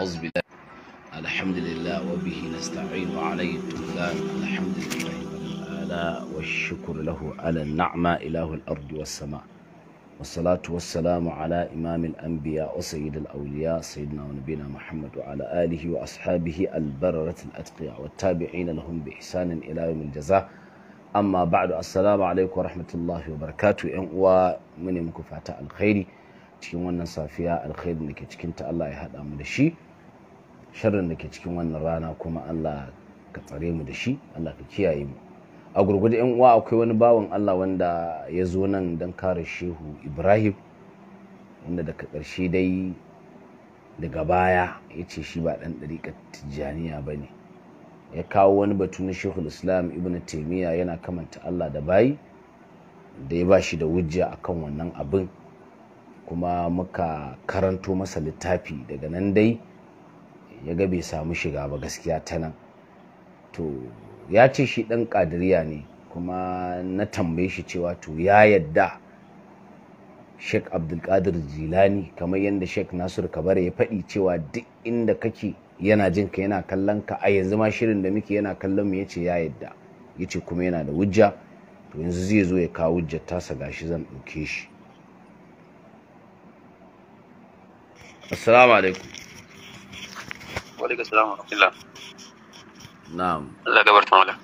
أعوذ بالله الحمد لله وبه نستعين وعليه التوكل الحمد لله والآلاء والشكر له على النعمة إله الأرض والسماء والصلاة والسلام على إمام الأنبياء وسيد الأولياء سيدنا ونبينا محمد وعلى آله وأصحابه البررة الأتقياء والتابعين لهم بإحسان إلى يوم الجزاء أما بعد السلام عليكم ورحمة الله وبركاته yan uwa mune muku fata alkhairi cikin wannan safiya alkhairin da ke cikin sharrin da ke cikin wannan rana kuma Allah ka tsare mu da shi Allah ka kiyaye mu a gurgudu yan uwa akwai wani bawan Allah wanda ya zo nan don kare shehu Ibrahim wanda daga ƙarshe dai daga baya ya ce shi ba ɗan ɗariƙar tijjaniya ba ne ya kawo wani batu na shehu islam ibn taimiyya yana kamanta Allah da bayi da ya ba shi da wujja akan wannan abin kuma muka karanto masa littafi daga nan dai ya ga bai samu shiga ba gaskiya ta nan to ya ce shi ɗan ƙadiriya ne kuma na tambaye shi cewa to ya yadda sheik abdulkadir jilani kamar yadda sheik nasiru kabara ya faɗi cewa duk inda kake yana jin ka yana kallon ka a yanzu ma shirin da muke yana kallon mu yace ya yadda yace kuma yana da wujja to yanzu zai zo ya kawo wujjar tasa gashi zan ɗauke shi assalamu alaikum alaikum salam wa na'am Allah gabar ta mala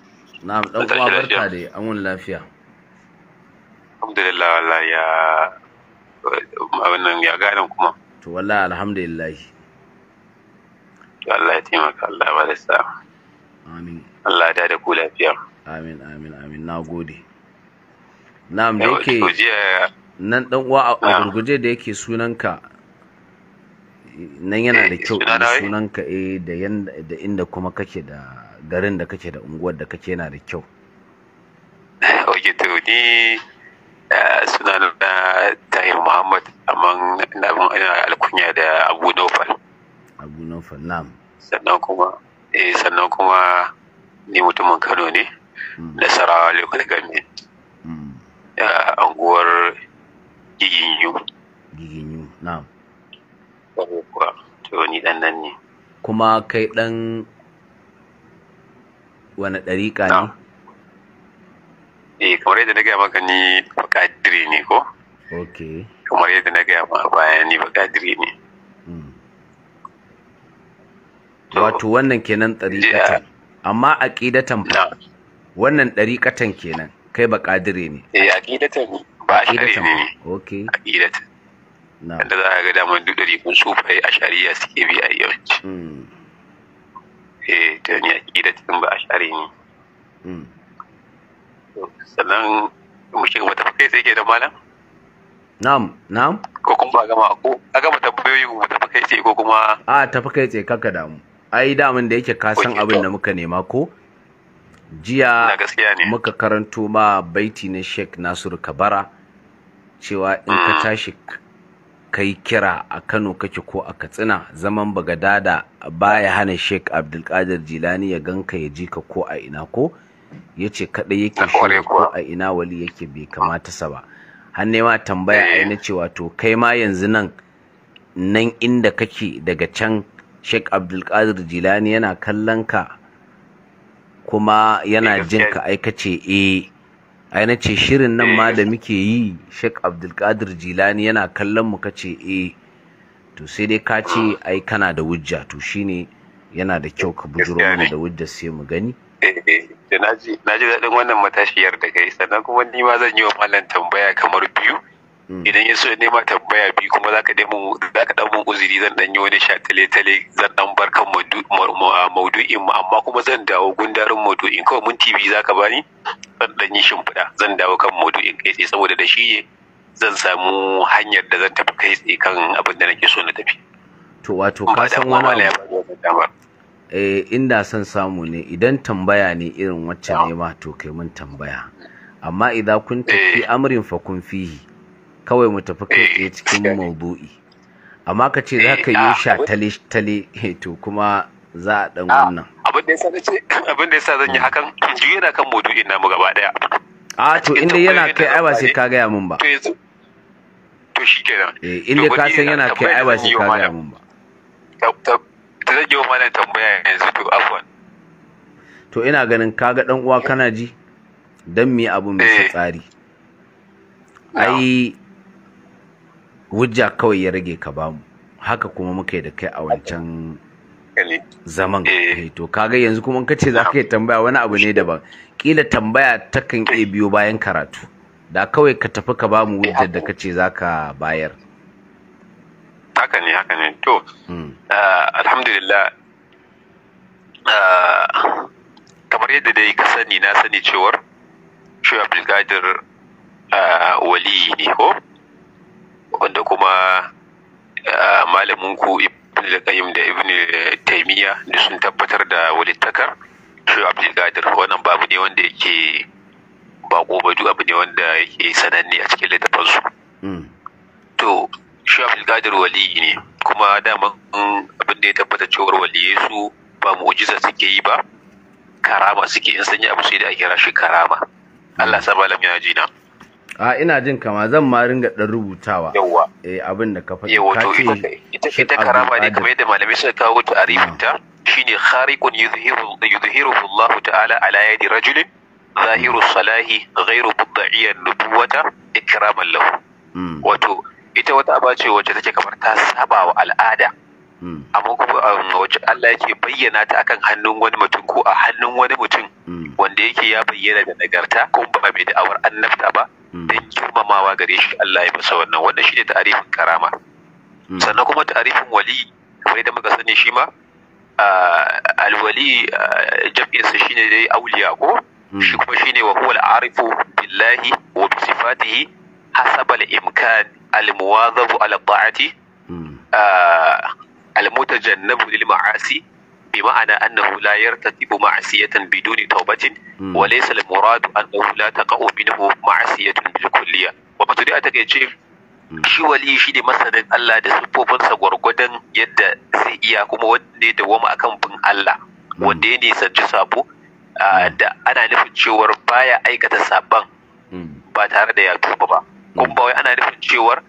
na'am dan uwa barka dai an lafiya alhamdulillah wallahi ya wannan ya kuma to wallahi alhamdulillah to Allah ya taimaka Allah ya da amin Allah ya da ku lafiya amin amin amin nagode na'am da yake nan dan uwa a gurguje da yake sunanka nan yana da eh, kyau in sunanka eh da yanda da inda kuma kake da garin da kake da unguwar da kake yana da kyau oke to ni eh, suna na eh, tahir muhammad amma na alkunya da abu nofal abu nofal na'am sannan kuma eh sannan kuma ni mutumin kano ne da hmm. sarawa lokal gami a hmm. anguwar giginyu giginyu na'am to ni dan nan ne kuma kai dan wani ɗariƙa ne eh kamar yadda na gaya maka ni bakadiri ne ko ok kamar yadda na gaya ma bayan ni bakadiri ne hmm. wato wannan kenan ɗariƙatan amma a ƙidatan ba wannan ɗariƙatan kenan kai bakadiri ne eh ƙidatan ba a ƙidatan ne ok a ƙidatan wanda za a ga damar duk kun sufai a shari'a suke bi a yawanci hmm. eh ta ni aƙida cikin ba a shari ne hmm. sannan mu shiga mata sai ke da malam na'am na'am ko kuma ba gama ko a gama tabbayoyi mu tafi kai tsaye ko kuma a tafi kai tsaye kanka damu ai daman da yake ka san abin da muka nema ko jiya muka karanto ma baiti na Sheikh Nasiru Kabara cewa in ka mm. tashi kai kira a Kano kake ko a Katsina zaman Bagadada baya hana Sheikh Abdulkadir Jilani ya ganka ya ji ka ko a ina ko yace kadai yake shi ko a ina wali yake bai kamata sa ba har ma tambaya a na cewa to kai ma yanzu nan nan inda kake daga can Sheikh Abdulkadir Jilani yana kallon ka kuma yana eh, jin ka aikace eh ai na ce shirin nan ma da eh. muke yi Sheikh Abdulkadir Jilani yana kallon mu kace eh to sai dai ka ce ai kana da wujja to shine yana da kyau ka bujuro mu da wujja sai mu gani eh, eh, na ji daɗin wannan matashiyar da kai sannan kuma ni ma zan yi wa malam tambaya kamar biyu Mm. idan ya so nema tambaya biyu kuma za ka dan mun uzuri zan dan yi wani sha tale-tale zan dan bar kan maudu'in mu amma kuma zan dawo gundarin maudu'in kawai mun tv za ka bani zan dan yi shimfiɗa zan dawo kan maudu'in kai tsaye saboda da shi ne zan samu hanyar da zan tafi kai tsaye kan abin da nake so na tafi. To wato ka san wani eh inda son samu ne idan tambaya ne irin wacce ne ma to kai mun tambaya amma idan kun tafi eh. amrin fa kun fihi kawai mu tafi kai tsaye cikin eh. maudu'i amma ka ce za ka eh, yi ah, sha tale tale eh, to kuma za a dan ah, wannan abin da yasa nace abin da yasa zan yi hmm. hakan duk yana kan ina mu gaba daya a ah, to inda yana kai ai ba sai ka gaya min ba to yanzu to shikenan eh inda ka san yana kai ai ba sai ka gaya min ba ta zan wa mana tambaya yanzu to afwan to ina ganin kaga dan uwa kana ji dan me abun mai tsari ai hujja kawai ya rage ka bamu haka kuma muka yi da kai a wancan zaman eh. Eh, to kaga yanzu kuma ka ce za ka yi tambaya wani abu ne daban kila tambaya ta kan iya biyo bayan karatu da kawai ka tafi ka bamu hujjar da ka ce za ka bayar haka ne haka ne to hmm. ah, alhamdulillah ah, kamar yadda dai ka sani na sani cewar shi abdulkadir ah, waliyi ne ko wanda kuma ah, malamin ku ibn al-qayyim da ibn taymiya da sun tabbatar da walittakar shi abdul qadir wannan babu ne wanda yake bako ba duk abu ne wanda yake sananne a cikin littafin su hmm. to shi abdul qadir wali ne kuma dama abin da ya tabbata cewar waliye su ba mu'jiza suke yi ba karama suke in sun yi abu sai da a kira shi karama hmm. Allah sa malam ya ji na a ina jin kama zan ma ringa dan rubutawa yawa eh abin da ka faɗi ka ce ita ita karama ne kamar yadda malamai suka kawo ta a ribinta ah. shine khariqun yuzhiru yuzhiru Allah ta'ala ala yadi rajul zahiru salahi ghairu mudda'iyan nubuwata ikraman lahu hmm. wato ita wata aba ce wacce take kamar ta saba wa al'ada hmm. amma kuma um, wacce Allah yake bayyana ta akan hannun wani mutum ko a hannun wani mutum hmm. wanda yake ya bayyana da nagarta kuma ba mai da'awar annabta ba Mm. da girmamawa gare shi Allah ya masa wannan wannan shine ta'arifin karama mm. sannan kuma ta'arifin wali kamar da muka sani shi ma alwali jam'insa shine dai auliya ko mm. shi kuma shine wa huwa al-arifu billahi wa bi sifatihi hasab al-imkan al-muwadhabu ala ta'ati al-mutajannabu lil ma'asi bi ma'ana annahu la yartatibu ma'asiyatan biduni taubatin wa laysa al muradu annahu la taqa'u minhu ma'asiyatun bil kulliyya wa batudi a takeice shi wali shi ne masanin Allah da siffofinsa gwargwadon yadda zai iya kuma wanda ya dawama akan bin Allah wanda ya nisanci sabo da ana nufin cewar baya aikata saban ba tare da ya tuba ba kuma wai ana nufin cewar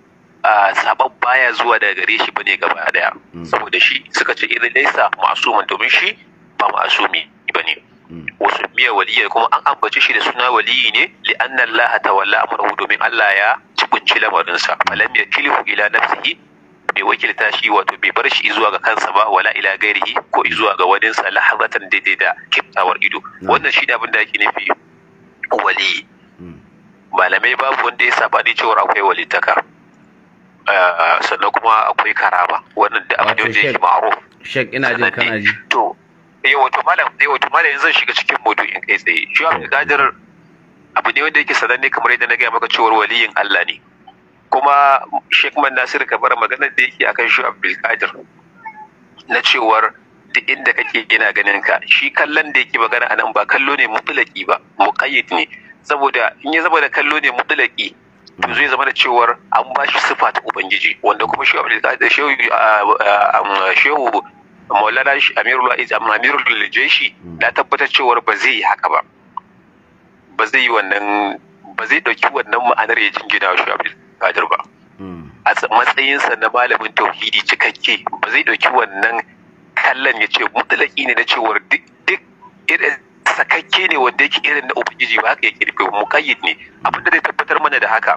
a sabon baya zuwa daga gare shi bane gaba daya mm. saboda shi suka ce irin laisa masumin domin shi ba masumi bane mm. wasu miya waliya kuma an ambaci shi da suna waliyyi ne li anna Allah tawalla amruhu domin Allah ya cibinci lamarinsa falam yakilhu ila nafsihi bai wakilta shi wato bai bar shi zuwa ga kansa ba wala ila gairihi ko zuwa ga sa lahazatan daidai da kiftawar ido mm. wannan shi da abin da yake nufi waliyi malamai babu wanda ya saba sabani cewa akwai walitaka Eh, sannan kuma akwai karaba wannan da abin da yake ma'aro shek ina jin kana ji to eh wato malam eh wato malam zan shiga cikin in kai tsaye shi Abdul Qadir abu ne wanda yake sananne kamar yadda na gaya maka cewar waliyin Allah ne kuma shek Man Nasir bar maganar da yake akan shi Abdul Qadir na cewar duk inda kake gina ganin ka shi kallon da yake magana anan ba kallo ne mutlaki ba muqayyid ne saboda in ya zama da kallo ne mutlaki zai zama da cewar an ba shi sifa ta ubangiji wanda kuma shehu uh, uh, um, shehu maulana amirul um, amirul jeshi hmm. na tabbatar cewar ba zai yi haka ba ba zai yi wannan ba zai dauki wannan ma'anar ya jingina wa shehu kadir ba hmm. a matsayinsa na malamin tauhidi cikakke ba zai dauki wannan kallon ya ce mutlaki ne na cewar duk sakakke ne wanda yake irin na ubangiji ba haka yake rufe muqayyid ne abin da zai tabbatar mana da haka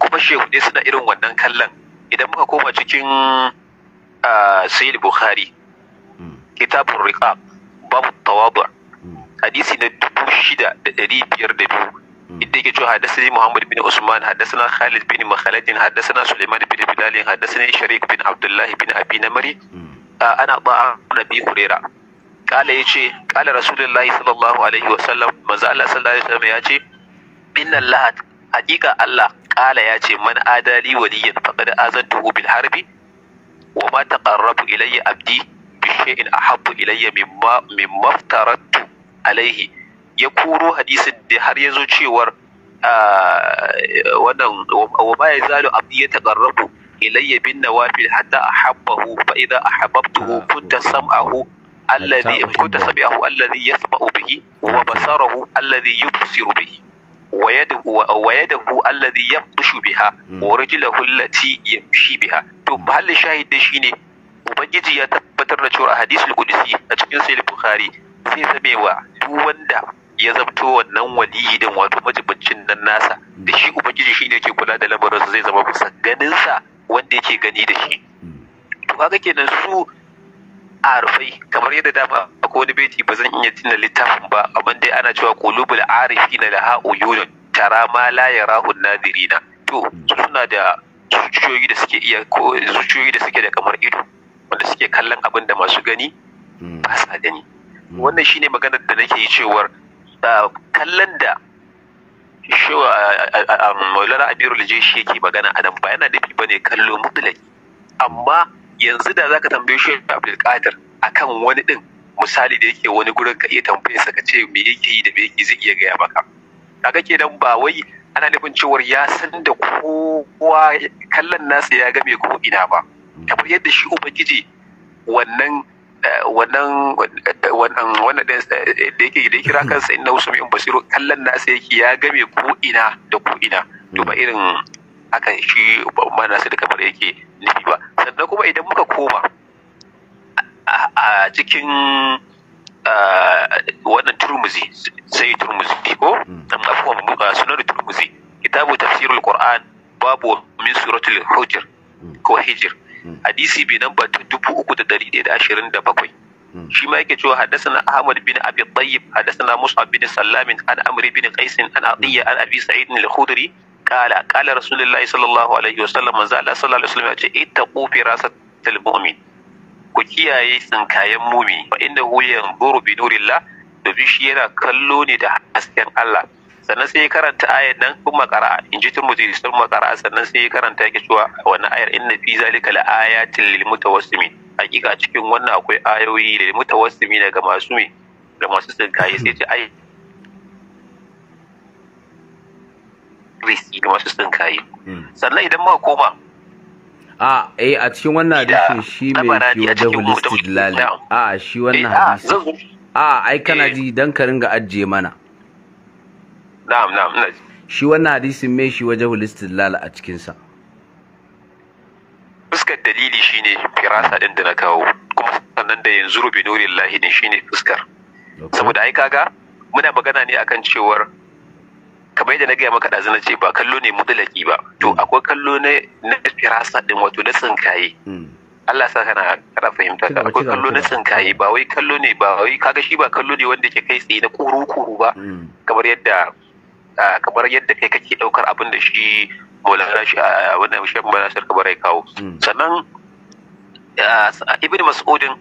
kuma shehu dai suna irin wannan kallon idan muka koma cikin sayyid bukhari hmm. kitabun riqa babu tawadu hmm. hadisi na dubu shida da ɗari biyar da biyu hmm. inda yake cewa haddasani Muhammad bin Usman haddasana Khalid bin Makhaladin haddasana Suleiman bin Bilal haddasani Sharik bin Abdullahi bin Abi Namri ana ba'a Nabi Hurairah kala ce kala rasulullahi sallallahu alaihi wasallam manzo Allah sallallahu alaihi wasallam yace inna Allah haqiqa Allah kala yace man adali waliyan faqad azantuhu bil harbi wa ma taqarrabu ilayya abdi bi shay'in ahabbu ilayya mimma mimma aftaratu alaihi ya kuro hadisin da har yazo cewar ah, wannan wa ma yazalu abdi ya taqarrabu ilayya bin nawafil hatta ahabbahu fa idza ahabbtuhu kunta sam'ahu الذي in kunta sami'ahu alladhi yasma'u bihi wa basarahu alladhi yubsiru ويده wa yadahu alladhi yabdushu biha wa rijluhu allati yamshi biha to mahallin shahid da shine ubangiji ya tabbatar da cewa hadisul qudsi a cikin sahih bukhari sai zamewa duk wanda ya zamto wannan waliyi din wato majibincin nan nasa da shi ubangiji shine yake kula da lamarinsa zai zama bisa sa wanda yake gani da shi to kaga kenan su arifai kamar yadda dama akwai wani beti ba zan iya tuna littafin ba amma dai ana cewa arifi na laha uyunun tara ma la yarahu nadirina to suna da zuciyoyi da suke iya ko zuciyoyi da suke da kamar ido wanda suke kallon abin da masu gani hmm. ba sa gani hmm. wannan shine maganar da nake yi cewar kallon da shewa maulana amirul jeshi yake magana a nan ba yana nufi bane kallo mutlaki amma yanzu da zaka tambaye shi Abdulkadir akan wani din misali da yake wani gurin ka iya tambaye sa ka ce me yake yi da me yake zai iya gaya maka kaga kenan ba wai ana nufin cewar ya san da kowa kallon nasa ya game ko ina ba kamar yadda shi ubangiji wannan eh, wannan eh, wannan wannan da eh, yake da kira kansa inna usmi basiru kallon nasa yake ya game ko ina da ko ina to ba irin akan shi ba na da kamar yake nufi ba sannan kuma idan muka koma a cikin wannan turmuzi sai turmuzi ko hmm. amma sunan turmuzi kitabu tafsirul qur'an babu min suratul hujr hmm. ko hijr hmm. hadisi bi namba 3127 shi ma yake cewa haddathana Ahmad bin Abi Tayyib haddathana Mus'ab bin Sallam an Amr bin Qais an Atiyya an Abi Sa'id al-Khudri kala kala rasulullahi sallallahu alaihi wasallam manzo Allah sallallahu alaihi wasallam ya ce kufi rasatul mu'min ku kiyaye tsinkayen mumi fa inda hu yanzuru bi nurillah bi shi yana kallo ne da hasken Allah sannan sai ya karanta ayar nan kuma makara in ji turmuzi sun makara sannan sai ya karanta yake cewa wani ayar inna fi zalika la ayatin lil mutawassimin hakika cikin wannan akwai ayoyi lil mutawassimin daga masu me da masu tsinkaye sai ce ayi riski da masu sun kayi hmm. sannan idan ma koma a eh a cikin wannan hadisin shi mai kiwo da holistic lali a shi wannan eh, hadisin a ai kana eh. ji dan ka ringa ajiye mana na'am na'am shi wannan hadisin mai shi wajen holistic lali a cikinsa fuskar dalili shine firasa din da na kawo kuma sannan da yanzu rubi nurillahi din shine fuskar saboda ai kaga muna magana ne akan cewar kamar yadda na gaya maka ɗazu na ce ba kallo ne mudalaki ba to hmm. akwai kallo ne na firasa din wato na tsinkaye hmm. Allah sa kana kana fahimta ka akwai kallo na tsinkaye ba wai kallo ne ba wai kaga shi ba kallo ne wanda ke kai tsaye na kuru-kuru ba hmm. kamar yadda kamar yadda kai kake daukar abin da shi Maulana shi a wannan shi Maulana Sarkabar ya kawo sannan Ibn Mas'udin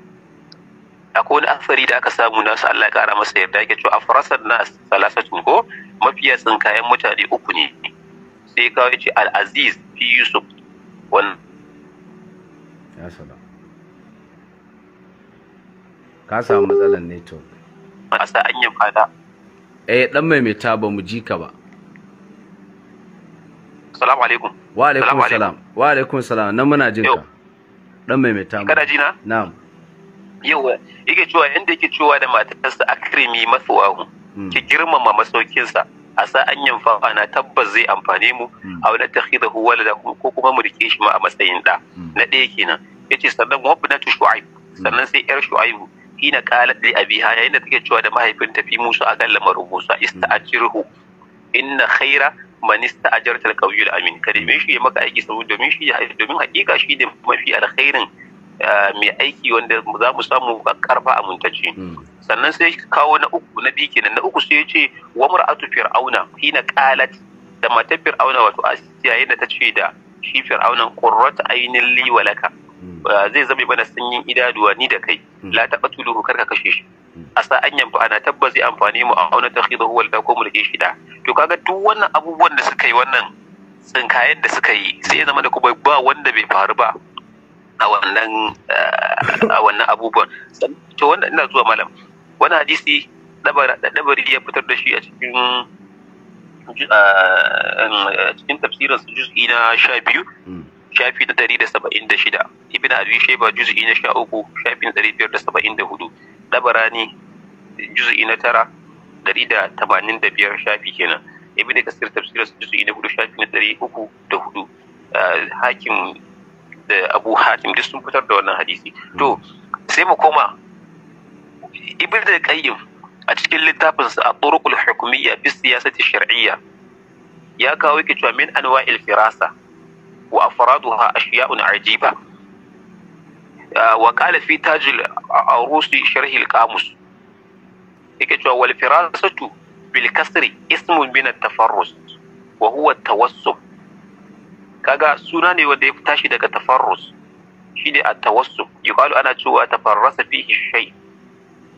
akwai wani asari da aka samu nasu Allah ya kara masa yarda yake cewa afrasad na salasatun ko mafiya tsinkayen mutane uku ne sai kawo ce al-aziz fi yusuf wannan ka samu matsalar network a sa an yi fada eh dan maimaita ba mu ji ka ba assalamu alaikum wa alaikum salam wa alaikum salam nan muna jin ka dan maimaita kana ji na na'am yawa yake cewa yanda yake cewa da matarsa akrimi wahu, hmm. ki girmama masaukinsa a sa an yin na tabbas zai amfane mu hmm. a wani takhida huwa da ko kuma mu rike shi ma a matsayin ɗa. Hmm. na ɗaya kenan yace sannan wa binatu shu'aib sannan sai yar shu'aibu hina qalat li abiha yayin da take cewa da mahaifinta fi musu a kan lamarin Musa ista'jirhu inna khaira man ista'jarta al-qawiyyu al-amin kare me shi maka aiki saboda domin shi ya domin hakika shi ne mafi alkhairin Eh, mai aiki wanda za mu samu karfa muntaci hmm. sannan sai kawo na uku na biki kenan na uku sai ya ce wa mar'atu fir'auna hina qalat da matar fir'auna wato asiya yadda ta ce da shi fir'aunan qurrat ainin li walaka hmm. zai zama bana sanyin idanuwa ni da kai hmm. la kar karka kashe shi asa an yamfa ana tabbas zai amfani mu a auna ta takhidahu wal ko mulki shida to kaga duk wannan abubuwan da suka yi wannan tsinkayen da suka yi sai ya zama da kuma ba wanda bai faru ba a wannan eh, a wannan abubuwan to wannan ina zuwa malam wani hadisi dabari ya fitar da shi a cikin cikin tafsirin su juz'i na sha biyu hmm. shafi na dari da saba'in da shida ibn abi shaiba juz'i na sha uku shafi na dari biyar da saba'in da hudu dabara ne juz'i na tara dari da tamanin da biyar shafi kenan ibn kasir tafsirin su juz'i na hudu shafi na dari uku da hudu eh, hakim da abu hatim duk sun fitar da wannan hadisi to sai mu koma ibn da qayyim a cikin littafinsa a turuqul hukumiyya fi siyasati shar'iyya ya kawo yake cewa min anwa'il firasa wa afraduha ashiya'un ajiba wa qala fi tajil arusi sharhi al-qamus yake cewa wal firasatu bil kasri ismun min at-tafarrus wa huwa at-tawassub kaga suna ne wanda ya tashi daga tafarrus shine a tawassuf yuqalu ana cewa tafarrasa fihi shay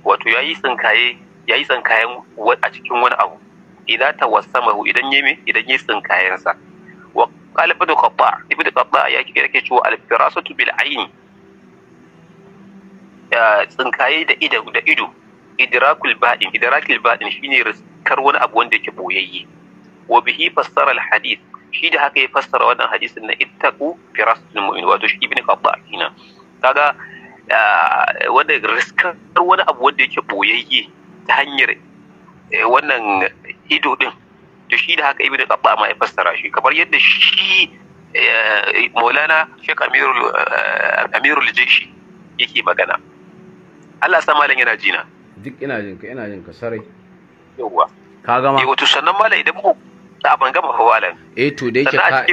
wato yayi tsinkaye yayi tsinkayen a cikin wani abu idan tawassamahu idan yeme idan yayi tsinkayen sa wa qala ibn qatta ibn qatta ya kike yake cewa al-firasatu bil ayn tsinkaye da ido da ido idrakul ba'in idrakul ba'in shine riskar wani abu wanda yake boyayye wa bihi fassara al-hadith shi da haka ya fassara wannan hadisin na ittaqu firasul mu'min wato shi ibn qabba kina kaga wanda riskar wani abu wanda yake boyayye ta hanyar eh, wannan ido din to shi da haka ibn qabba ma ya fassara shi kamar yadda shi eh, maulana shek amirul eh, amirul jeshi yake magana Allah sa malam yana jina duk ina jinka ina jinka sarai yawwa ka gama eh wato sannan malam idan muku a ban gaba hawalan eh to da yake ka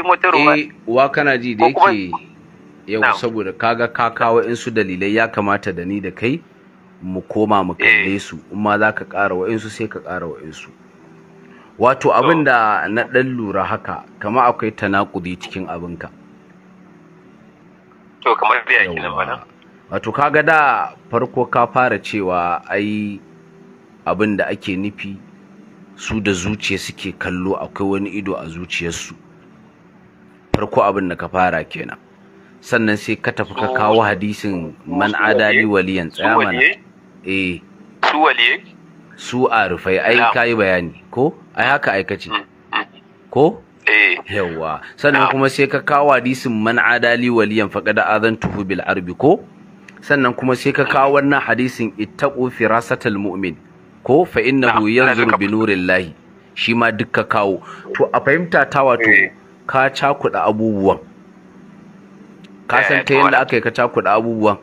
eh, wa kana ji da yake yau saboda kaga ka kawo su dalilai ya kamata da ni da kai mu koma mu eh. kalle su in ma za ka ƙara wa'insu sai ka ƙara wa'insu wato abin da na ɗan lura haka kama akwai tanakudi cikin abinka to kamar biya wato kaga da farko ka fara cewa ai abin da ake nufi su da zuciya suke kallo akwai wani ido a zuciyarsu farko abin da ka fara kenan sannan sai ka tafi ka kawo hadisin man adali waliyan tsaya mana eh su waliye su a ai kai bayani ko ai haka aikace mm, mm. ko eh. yawa sannan kuma sai ka kawo hadisin man adali waliyan faqad azantuhu bil arbi ko sannan kuma sai ka kawo wannan hadisin ittaqu firasatal mu'min ko fa innahu yanzuru bi nurillahi shi ma dukka kawo to a fahimta ta wato eh. ka cakuɗa abubuwan ka eh, san ta yadda aka yi ka cakuɗa abubuwan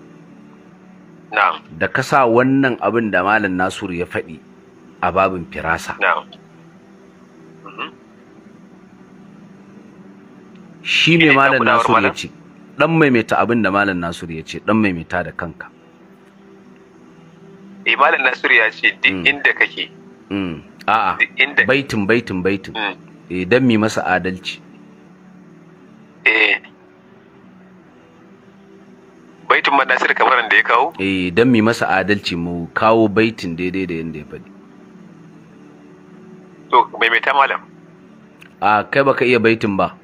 da ka sa wannan abin da malam nasiru ya faɗi a babin firasa mm-hmm. shi ne malam nasiru ya ce ɗan maimaita abin da malam nasiru ya ce ɗan maimaita da kanka Imanin Nasiru ya ce duk hmm. inda kake. Hmm. A'a baitin baitin baitin. Idan hmm. eh, mi masa adalci. Eh. Baitin ma Nasiru kamar da ya kawo? Eh, idan mi masa adalci mu kawo baitin daidai da yanda ya faɗi. To, maimaita malam. A kai baka iya baitin ba.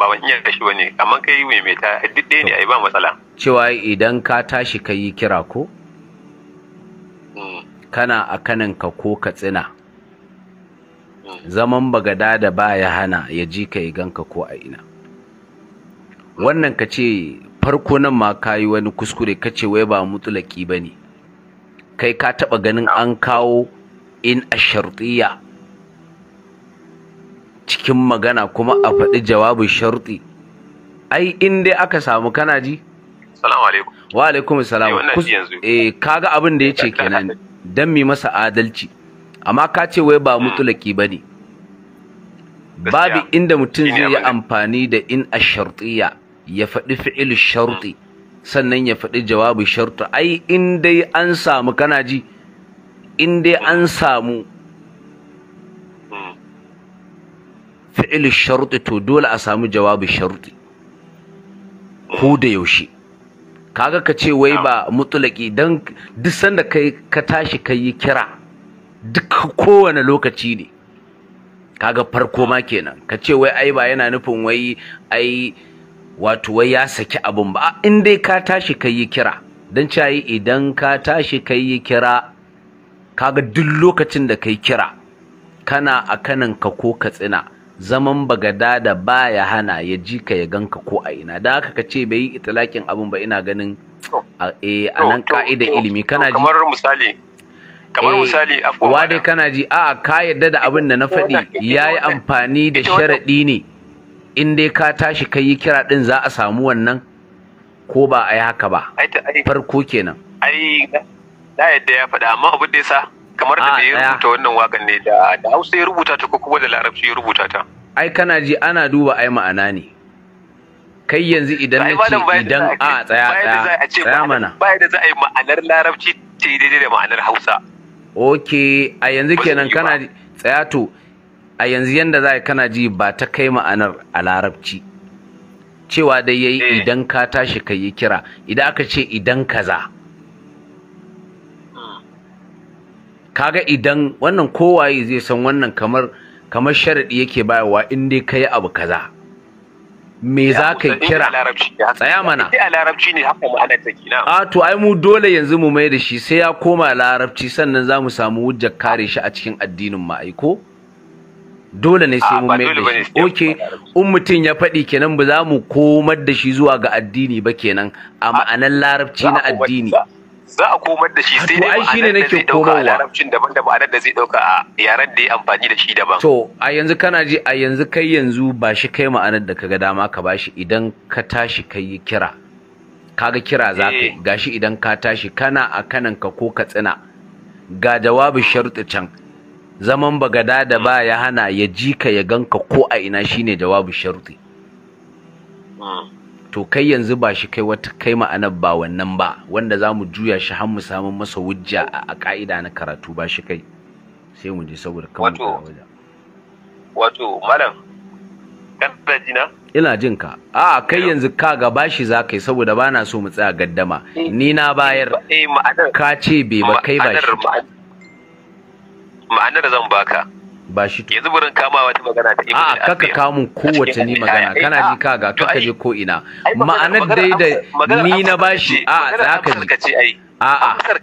ba wani iya shi bane amma kai mai mai ta duk ɗaya ne a yi ba matsala cewa idan ka tashi ka yi kira ko kana a kaninka ko katsina zaman bagada da ba ya hana ya ji ka ganka ko a ina wannan ka ce farko nan ma ka yi wani kuskure ka ce wai ba mutulaki ba ne kai ka taɓa ganin an kawo in a shartiya cikin magana kuma a faɗi jawabin sharti ai in dai aka samu kana ji salamu alaikum wa alaikum salamu eh, eh kaga abin da ce kenan Dan mi masa adalci amma ka ce wai ba hmm. mutulaki ba ne babu inda mutum zai yi amfani da in a shartiya ya faɗi fi'il sharti hmm. sannan ya faɗi jawabu sharti ai in dai an samu kana ji in dai an hmm. samu fi'il sharti to dole a samu jawabu sharti ko da yaushe kaga ka ce wai ba mutulaki don duk sanda kai ka tashi ka yi kira duk kowane lokaci ne kaga farko ma kenan ka ce wai ai ba yana nufin wai ai wato wai ya saki abun ba in dai ka tashi ka yi kira don cayi idan ka tashi ka yi kira kaga duk lokacin da ka yi kira kana a kaninka ko ka tsina zaman da baya hana ya ji ka ya ganka ko a ina da haka ka ce bai yi italakin abin ba ina ganin eh, a nan ka'idar ilimi kana ji kamar misali kamar eh, misali wa dai kana ji a ka yadda da abin da na faɗi ya yi amfani da sharaɗi ne in dai ka tashi kai yi kira ɗin za a samu wannan ko ba a yi haka ba farko kenan ai da yadda ya faɗa amma abin da ya sa kamar da ya rubuta wannan wakan ne da da Hausa ya rubuta ta ko kuma da Larabci ya rubuta ta ai kana ji ana duba ai ma'ana ne kai yanzu idan na idan a tsaya tsaya tsaya mana bai da za a yi ma'anar Larabci ta yi daidai da ma'anar Hausa ok a yanzu kenan kana ji tsaya to a yanzu yanda za kana ji ba ta kai ma'anar a Larabci cewa dai yayi eh. idan ka tashi kai kira idan aka ce idan kaza kaga idan wannan kowaye zai san wannan kamar kamar sharadi yake bayarwa in dai kai abu kaza me za ka kira tsaya mana a larabci ne haka a to ai mu dole yanzu mu mai da shi sai ya koma larabci sannan za mu samu hujjar kare shi a cikin addinin mu aiko dole ne sai mu mai da shi okay in mutum ya faɗi kenan ba za mu komar da shi zuwa ga addini ba kenan a ma'anar larabci na addini za a komar da shi ah, sai dai ma'anar da zai dauka a larabcin daban da ma'anar da zai dauka a yaren da ya amfani da shi daban to a yanzu kana ji a yanzu kai yanzu ba shi kai ma'anar da kaga dama ka bashi idan ka tashi kai kira kaga kira za ka eh. gashi idan ka tashi kana a kanan ka ko ka tsina ga jawabi sharuɗi can zaman bagada da ba ya hana ya ji ka ya ganka ko a ina shine jawabi sharuɗi hmm. to kai yanzu ba shi kai wata kai ma'anar ba wannan ba wanda za mu juya shi har mu samu masa wujja a ka'ida na karatu ba shi kai sai mu je saboda kawai wato wato malam da jina ina jin ka a kai yanzu ka ga shi za kai saboda bana so mu tsaya gaddama eh, ni na bayar eh, ka ce bai ba kai ba shi ma'anar zan baka ba shi yanzu burin kama wata magana ta ibn a kaka kamun kowace ni magana kana ji eh, ka ga kaka je ko ina ma'anar dai da ni na bashi a zaka ji a a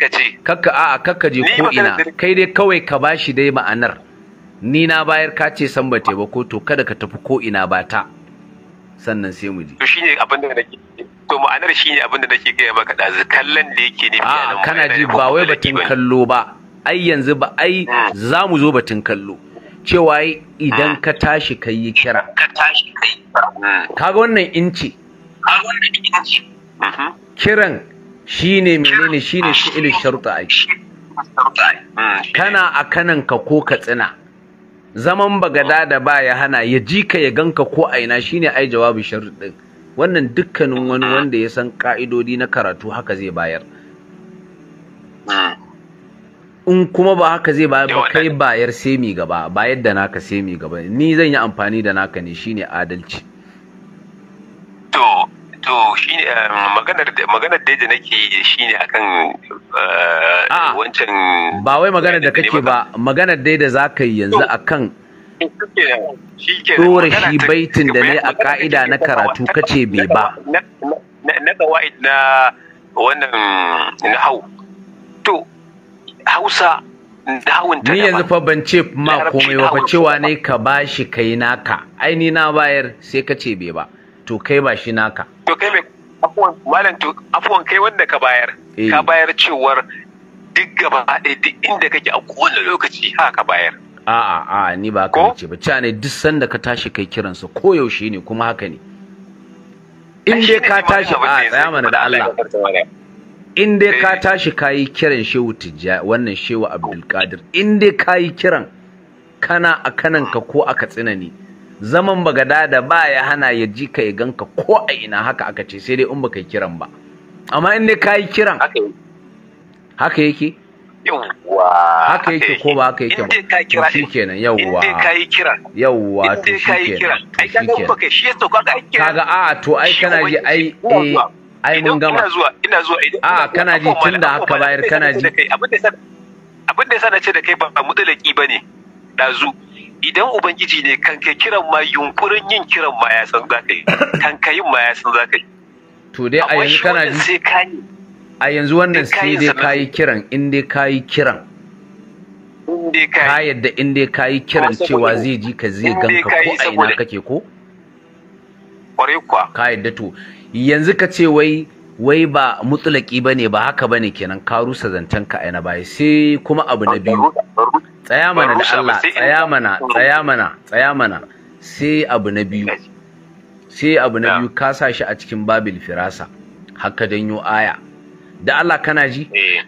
kaka a kaka je ko ina kai dai kawai ka bashi dai ma'anar ni na bayar ka ce san bate ba ko to kada ka tafi ko ina ba ta sannan sai mu ji to shine abin da nake to ma'anar shine abin da nake gaya maka da kallon da yake ne a kana ji ba wai batun kallo ba ai yanzu ba ai hmm. za mu zo batun kallo cewa idan ah. ka tashi ka yi kira ah. kaga wannan inci kiran shine menene shine ilin sharuta ai ah, kana a kanan ka ko ka tsina zaman bagada da ba ya hana ya ji ka ya ganka ko a ina shine ai jawabin sharuɗin din wannan dukkanin wani wanda ya san ka'idodi na karatu haka zai bayar in kuma ba haka zai bayar ba kai bayar semi gaba ba yadda naka semi gaba ni zan yi amfani da naka ne shine adalci to to shine maganar maganar da nake shine akan wancan ba wai maganar da kake ba maganar dai da zaka yi yanzu akan dore shi baitin da ne a ka'ida na karatu kace bai ba na na na wannan na hau to hausa mm. da hawan ta ni yanzu fa ban ce ma komai ba fa cewa ne ka bashi kai naka ai ni na bayar sai ka ce bai ba to kai ba shi naka to kai me afuwan malam to afuwan kai wanda ka bayar eh. ka bayar cewar duk gaba ɗaya duk inda kake a kowane lokaci ha ka bayar a'a a ni ba ka ce ba cewa ne duk sanda ka tashi kai kiran ko koyaushe ne kuma haka ne in dai ka tashi a tsaya mana da Allah in dai ka tashi kayi kiran shehu tijja wannan shehu kadir in dai kayi kiran kana a kananka ko aka tsinani zaman baga da ba ya hana ya ji ka ya ganka ko a ina haka aka ce sai dai in baka kiran ba amma in dai kayi kiran haka yake haka yake ko ba haka yake ba shi kenan kiran yawwa to shi kenan to shi kenan kaga a to ai kana ji ai eh ai mun gama ina zuwa ina zuwa ah, a kana ji tun da aka bayar kana ji abin da yasa ce da kai ba mutsalaki bane dazu idan ubangiji ne kan kai kiran ma yunkurin yin kiran ma ya san zaka yi kan kai ma ya san zaka yi to dai a yanzu kana ji a yanzu wannan sai dai kayi kiran in dai kayi kiran ka yadda in dai kayi kiran cewa zai ji ka zai ganka ko a ina kake ko kwarai ka yadda to yanzu ka ce wai wai ba mutulaki ba ba haka ba kenan ka rusa zantanka ka aina baya sai kuma abu na biyu tsaya mana da Allah tsaya mana tsaya mana tsaya mana sai abu na biyu sai abu na biyu ka sa shi a cikin babil firasa haka danyo aya da Allah kana ji eh.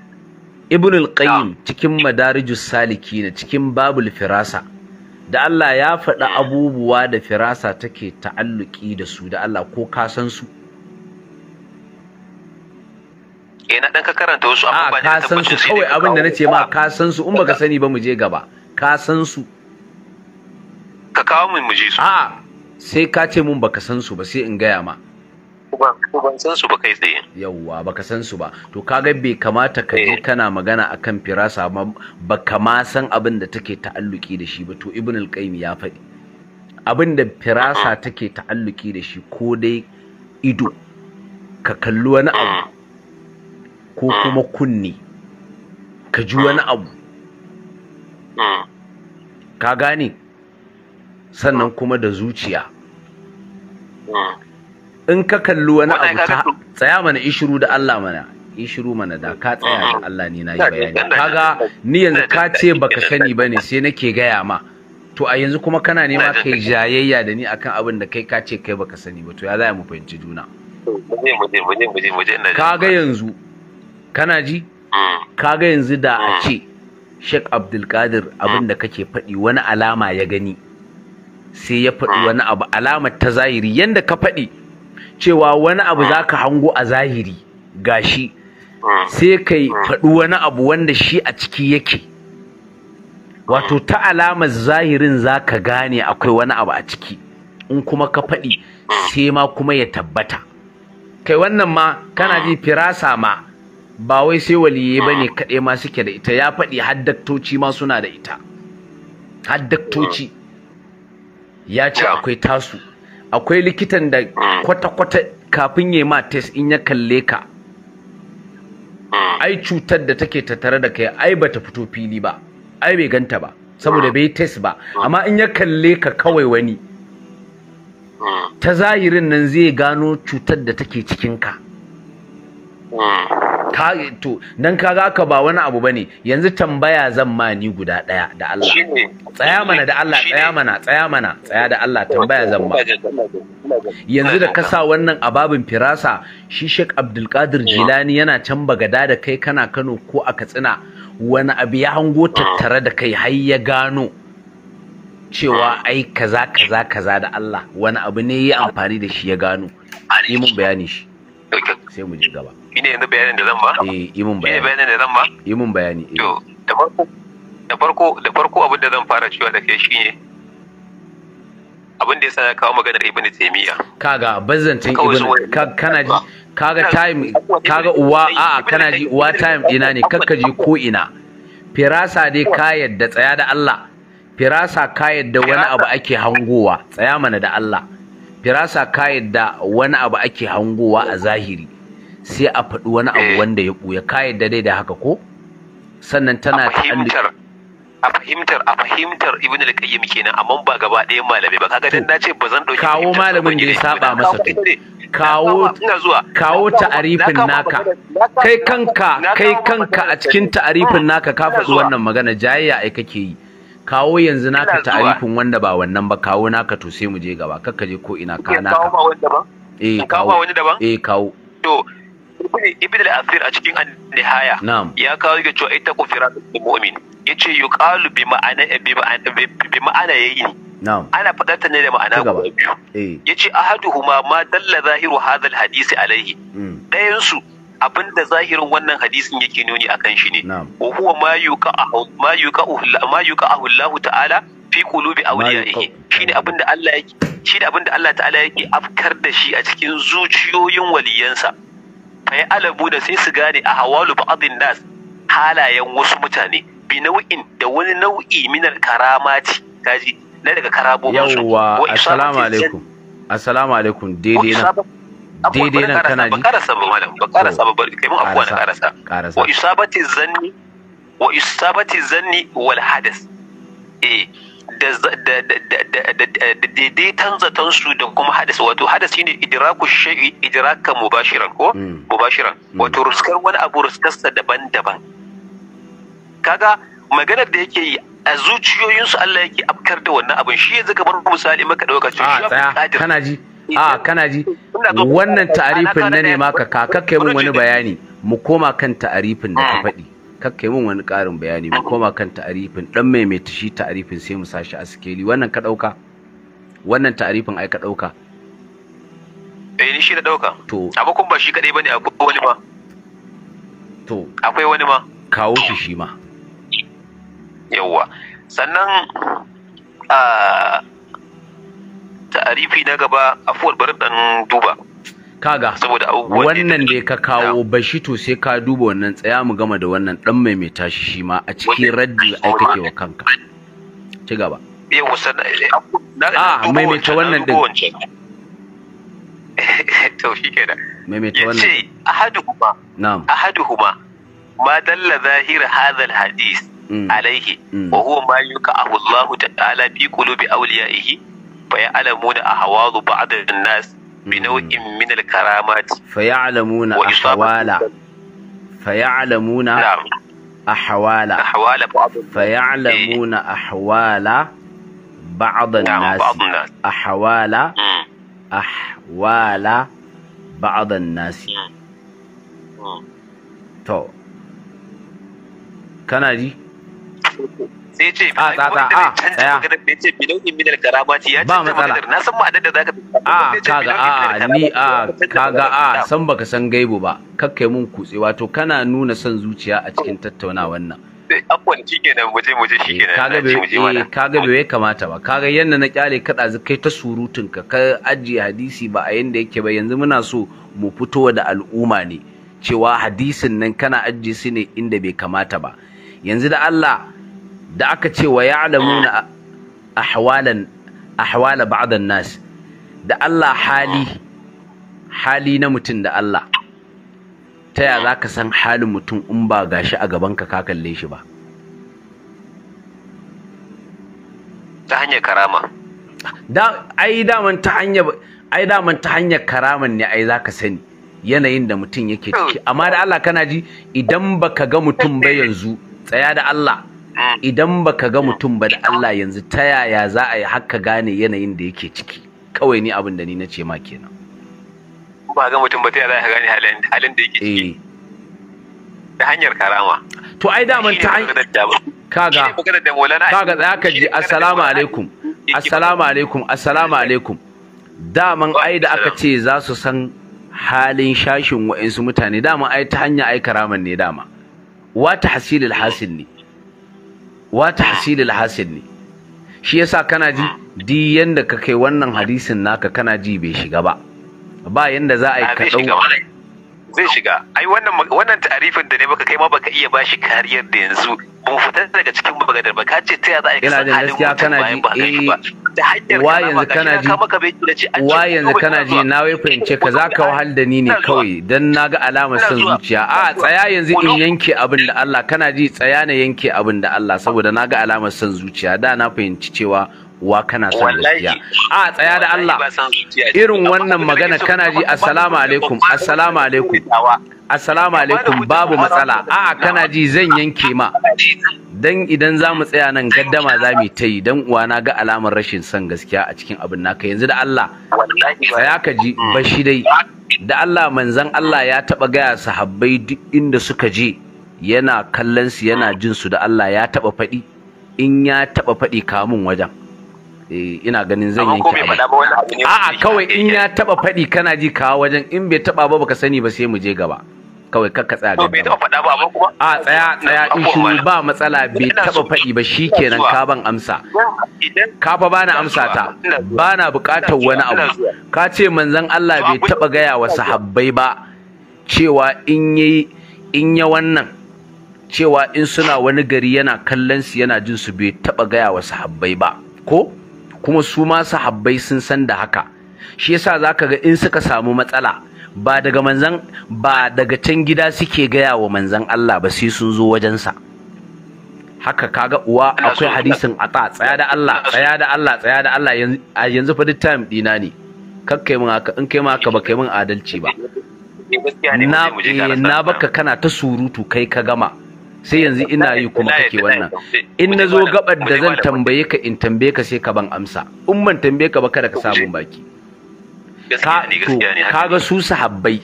ibn al-qayyim cikin madarijus saliki na cikin babul firasa da Allah ya faɗi eh. abubuwa da firasa take ta'alluki da su da Allah ko ka san su eh na dan ka karanta wasu amma ah, ba ka san su kawai abin da nace ma ka san su in baka sani ba mu je gaba ka san su ka kawo mu mu je su a ah, sai ka ce mun baka san su ba sai in gaya ma ban san su ba kai tsaye yawwa baka san su ba to kaga bai kamata ka je eh. kana magana akan firasa ba baka ma san abin da take ta'alluki da shi ba to ibn al-qayyim ya faɗi abin da firasa take ta'alluki da shi ko dai ido ka kalli wani abu mm. ko kuma kunne ka ji wani abu ka gane sannan kuma da zuciya in ka kalli wani abu ta tsaya mana ishiru da Allah mana ishiru mana da ka tsaya da Allah ne na yi bayani kaga ni yanzu ka ce baka sani bane sai nake gaya ma to a yanzu kuma kana nema kai jayayya da ni akan abin da kai ka ce kai baka sani ba to ya za mu fahimci juna ga yanzu kana ji kaga yanzu da a ce Sheikh Abdulkadir abin da kake faɗi wani alama ya gani sai ya faɗi wani abu alamar ta zahiri yanda ka faɗi cewa wani abu zaka hango a zahiri gashi sai kai faɗi wani abu wanda shi a ciki yake wato ta alamar zahirin za ka gane akwai wani abu a ciki in kuma ka faɗi sai ma kuma ya tabbata kai wannan ma kana ji firasa ma ba wai sai waliye bane kaɗai ma suke da ita ya faɗi haddaktoci ma suna da ita haddaktoci ya ce akwai tasu akwai likitan da kwata-kwata kafin ya ma test in ya kalle ka ai cutar da take tattare da kai ai bata fito fili ba ai bai ganta ba saboda bai test ba amma in ya kalle ka kawai wani ta zahirin nan zai gano cutar da take cikin ka ka to dan kaga ka ba wani abu bane yanzu tambaya zan ma ni guda daya da Allah tsaya mana da Allah tsaya mana tsaya mana tsaya da Allah tambaya zan ma yanzu da ka sa wannan ababin firasa shi Sheikh Abdulkadir Jilani yana can bagada da kai kana Kano ko a Katsina wani abu ya hango tattare da kai har ya gano cewa ai kaza kaza kaza da Allah wani abu ne ya amfani da shi ya gano yi mun bayani shi sai mu je gaba shine yanzu eh, bayanin da zan ba yi mun bayani shine eh. bayanin da zan ba yi mun bayani to da farko da farko da farko abin da zan fara cewa da kai shine abin da yasa na kawo maganar ibnu taymiya kaga bazantin ibnu kana ji kaga time kaga uwa a'a kana ji uwa time ina ne kakka ji ko ina firasa dai ka yadda tsaya da Allah firasa ka yadda wani abu ake hangowa tsaya mana da Allah firasa ka yadda wani abu ake hangowa a zahiri sai a faɗi wani abu eh. wanda ya ɓuya ka yadda dai da haka ko sannan tana fahimtar a fahimtar a fahimtar ibn al-qayyim kenan amma ba gaba ɗaya malami ba kaga dan nace ba zan dauki kawo malamin da ya saba masa to kawo kawo ta'arifin naka kai kanka kai kanka a cikin ta'arifin naka ka faɗi wannan magana jayayya ai kake yi kawo yanzu naka ta'arifin wanda ba wannan ba kawo naka to sai mu je gaba kakka je ko ina ka naka eh kawo wani daban eh kawo to ibn al-asir a cikin nihaya ya kawo ga cewa ita ku firatul mu'min yace yuqalu bi ma'ana bi ma'ana bi ma'ana na'am ana faɗar ta ne da ma'ana biyu eh. yace ahaduhuma ma dalla zahiru hadha al-hadisi alayhi dayan hmm. su abinda zahirin wannan hadisin yake nuni akan shi ne wa huwa ma yuqa'u ma yuqa'u ma yuqa'u Allah ta'ala fi qulubi awliyaihi shine abinda Allah yake shine abinda Allah ta'ala yake afkar da shi a cikin zuciyoyin waliyansa Mai alabu da sai su gane a hawalu ba'adin nas halayen wasu mutane bi nau'in da wani nau'i minar karamati kaji na daga karabomin su yawwa assalamu alaikum assalamu alaikum daidai nan daidai nan kana ji karasa ba malam ba karasa ba bari kai mun abuwa na karasa wa isabati zanni wa isabati zanni wal hadas eh da daidaitan zaton su da kuma hadas wato hadas ne Idiraku shay'i Idiraka mubashiran ko hmm. mubashiran hmm. wato ruskar wani abu ruskarsa daban-daban kaga maganar da yake yi a zuciyoyinsu Allah yake afkar da wannan abin shi yanzu kamar misali maka dauka cewa shi Abdul ah, kana ji a ah, kana ji wannan ta'arifin na ne maka kaka kai mun wani bayani mu koma kan ta'arifin da ka hmm. faɗi kakkai mun wani ƙarin bayani mu koma kan ta'arifin dan maimaita shi ta'arifin sai mu sashi a sikeli wannan ka ɗauka wannan ta'arifin ai ka ɗauka eh ni shi na ɗauka to abu kun ba shi kadai bane akwai wani ma to akwai wani ma kawo shi shi ma yawwa sannan a ah, ta'arifi na gaba afuwar barin dan duba kaga saboda abubuwan wannan da ka kawo bashi to sai ka duba wannan tsaya mu gama da wannan dan mai mai tashi shi ma a cikin raddi ai kake wa kanka ci gaba yawa sannan a mai mai ta wannan din to shi kenan mai mai ta wannan yace ahaduhuma na'am ahaduhuma ma dalla zahir hadha alhadith mm. alaihi mm. wa huwa ma yuka'ahu Allah ta'ala fi qulubi awliyaihi fa ya'lamuna ahwalu ba'd an-nas بنوع من الكرامات فيعلمون أحوالا فيعلمون نعم أحوال أحوال فيعلمون أحوال بعض نعم، الناس أحوالا أحوالا أحوال أحوال بعض الناس تو كندي sai ya ce a tsatsa a tsaya ya ce bilaunin eh, minal karamati ya ba matsala na san ma'anar da zaka a kaga a ni a kaga a san baka san gaibo ba kakkai mun kutse wato kana nuna son zuciya a cikin tattauna wannan. Eh, abuwan shi kenan waje waje eh, shi kenan kaga bai kaga bai kamata ba kaga yanda na kyale kada kai ta surutun ka ka ajiye hadisi ba a yanda yake ba yanzu muna so mu fito da al'umma ne cewa hadisin nan kana ajiye su ne inda bai kamata ba yanzu da Allah da aka ce wa ya'lamuna ahwalan ahwala ba'd nas da Allah hali hali na mutum da Allah ta ya zaka san halin mutum in ba gashi a gaban ka ka kalle shi ba ta hanyar karama da ai daman ta hanyar ai ne, ta hanyar karaman ne ai zaka sani yanayin da mutum yake ciki amma da Allah kana ji idan baka ga mutum ba yanzu tsaya da Allah idan baka ga mutum ba da Allah yanzu ta yaya za a yi haka gane yanayin da yake ciki kawai ni abin da ni na ce ma kenan ba ga mutum ba ta yaya za a gane halin da yake ciki eh. ta hanyar karama to ai da daman ta kaga kaga za ka ji assalamu alaikum assalamu alaikum assalamu alaikum daman ai da aka ce za su san halin shashin wa'insu mutane daman ai ta hanya ai karaman ne dama wata hasilil hasil ne wa tahsilil hasil ne shi yasa kana ji di yanda ka kai wannan hadisin naka kana ji bai shiga ba ba yanda za a yi ka zai shiga ai wannan wannan tarifin da ne baka kai ma baka iya bashi kariyar da yanzu ba mu fita daga cikin bagadar ba ka ce ta ya za a yi kasan halin mutum bayan ba kai shi ba eh, da hanyar wa yanzu kana ji wa yanzu kana ji na wai fahimce ka za ka wahal da ni ne kawai dan na ga alamar son zuciya a tsaya yanzu in yanke abin da Allah kana ji tsaya na yanke abin da Allah saboda na ga alamar son zuciya da na fahimci cewa wa kana son gaskiya a tsaya da Allah irin wannan magana kana ji assalamu alaikum assalamu alaikum assalamu alaikum babu matsala a kana ji zan yanke ma dan idan za mu tsaya nan gaddama za mu ta yi dan na ga alamar rashin son gaskiya a cikin abin naka yanzu da Allah tsaya ka ji mm. bashi dai da Allah manzon Allah ya taba gaya sahabbai duk inda suka je yana kallon su yana mm. jin su da Allah ya taba faɗi in ya taba faɗi kamun wajen Eh, ina ganin zan yanke a a'a kawai in ya taba faɗi kana ji kawo wajen in bai taba ba baka sani ba sai mu je gaba kawai kakka tsaya ga ba a tsaya tsaya in shiru ba matsala bai taba faɗi ba shikenan ka ban amsa ka fa bana amsa ta bana buƙatar wani abu ka ce manzon Allah bai taba gaya wa sahabbai ba cewa in yayi in ya wannan cewa in suna wani gari yana kallon su yana jin su bai taba gaya wa sahabbai ba ko kuma su ma sahabbai sun san da haka shi yasa zaka ga in suka samu matsala ba daga manzan ba daga can gida suke gaya wa manzan Allah ba sai sun zo wajensa haka kaga uwa akwai hadisin ta tsaya da Allah tsaya da Allah tsaya da Allah yanzu fa duk time dina ne kakkai mun haka in kai mun haka ba kai mun adalci ba eh, na baka kana ta surutu kai ka gama sai yanzu ina yi kuma kake wannan in nazo zo gabar da zan tambaye ka in tambaye ka sai ka ban amsa in ban tambaye ka ba kada ka samu baki kaga su sahabbai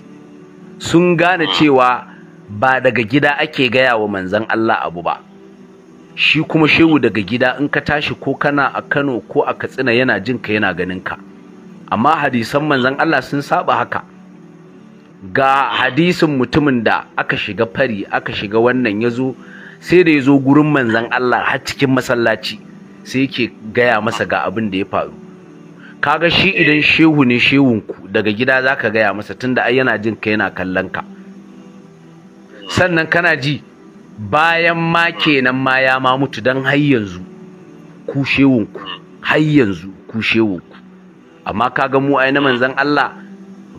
sun gane mm. cewa ba daga gida ake gaya wa manzon Allah abu ba shi kuma shehu mm. daga gida in ka tashi ko kana a Kano ko a Katsina yana jinka yana ganin ka amma hadisan manzon Allah sun saba haka ga hadisin mutumin da aka shiga fari aka shiga wannan ya zo sai da ya zo gurin manzan Allah har cikin masallaci sai yake gaya masa ga abin da ya faru kaga shi idan shehu ne shehunku daga gida za ka gaya masa tunda ai yana jin ka yana kallon ka sannan kana ji bayan ma kenan ma ya ma mutu don har yanzu ku shehunku har yanzu ku shehunku amma kaga mu ai na manzan Allah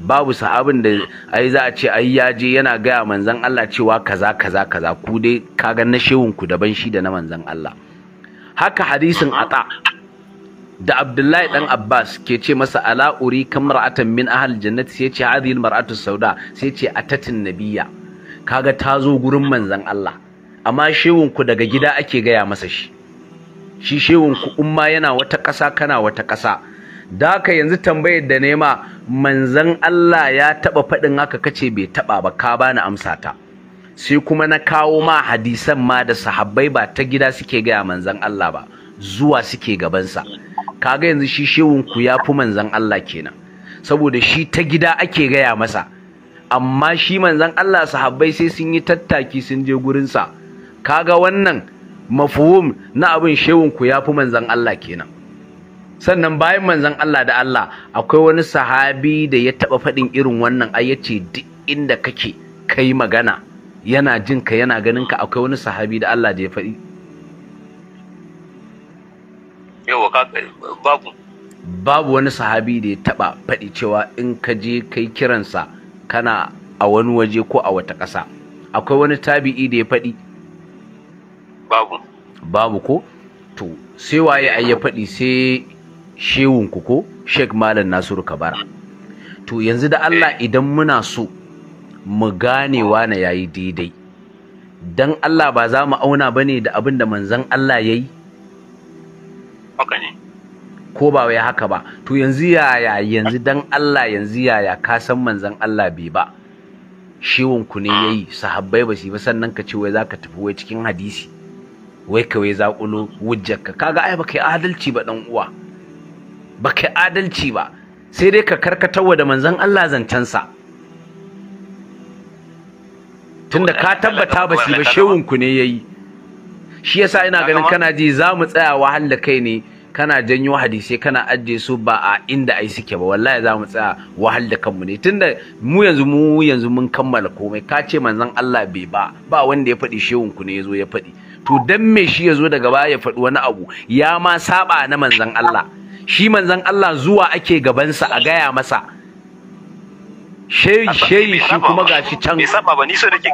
babu sahabin da ai za a ce ai ya je yana gaya manzan Allah cewa kaza kaza kaza ku dai kaga na shehun ku daban shi da na manzon Allah haka hadisin ata da Abdullahi dan Abbas ke ce masa ala uri kamra'atan min ahal jannati sai ce hadhihi almar'atu sauda sai ce atatin nabiyya kaga ta zo gurin manzan Allah amma shehun ku daga gida ake gaya masa shi shi shehun ku umma yana wata ƙasa kana wata kasa da haka yanzu tambayar da nema manzan Allah ya taba faɗin haka kace bai taba ba ka bani amsa ta sai kuma na kawo ma hadisan ma da sahabbai ba ta gida suke gaya manzan Allah ba zuwa suke gabansa kaga yanzu shi shehun ku ya fi manzan Allah kenan saboda shi ta gida ake gaya masa amma shi manzan Allah sahabbai sai sun yi tattaki sun je gurinsa kaga wannan mafhum na abin shehun ku ya fi manzan Allah kenan sannan bayan manzon Allah da Allah akwai wani sahabi da ya taɓa faɗin irin wannan ai yace duk inda kake kai magana yana jin ka yana ganin ka akwai wani sahabi da Allah da ya faɗi yawa babu babu wani sahabi da ya taɓa faɗi cewa in ka je kai kiransa kana a wani waje ko a wata ƙasa akwai wani tabi'i da ya faɗi babu babu ko to sai waye ai ya faɗi sai shewunku ko Sheikh Malam Nasiru Kabara to yanzu da Allah idan muna so mu gane wane yayi daidai dan Allah ba za mu auna bane da abin da manzon Allah yayi haka ko ba wai haka ba to yanzu yaya yanzu dan Allah yanzu yaya ka san manzon Allah bai ba shewunku ne yayi sahabbai ba su ba sannan ka ce wai zaka tafi wai cikin hadisi wai ka wai zaƙulo hujjarka kaga ai ba kai adalci ba dan uwa Ba baka adalci ba sai dai ka karkatarwa da manzon Allah zancensa tunda ka tabbata ba shi ba shehun ku ne yayi shi yasa ina ganin kana ji za mu tsaya da kai ne kana janyo hadisai kana ajiye su ba a inda ai suke ba wallahi za mu tsaya wahal da kanmu ne tunda mu yanzu mu yanzu mun kammala komai ka ce manzon Allah bai ba ba wanda ya faɗi shehun ku ne ya ya faɗi to dan me shi yazo daga baya ya faɗi wani abu ya ma saba na manzon Allah shi manzon Allah zuwa ake gabansa a gaya masa shehi shehi shi kuma gashi can saba ba ni so nake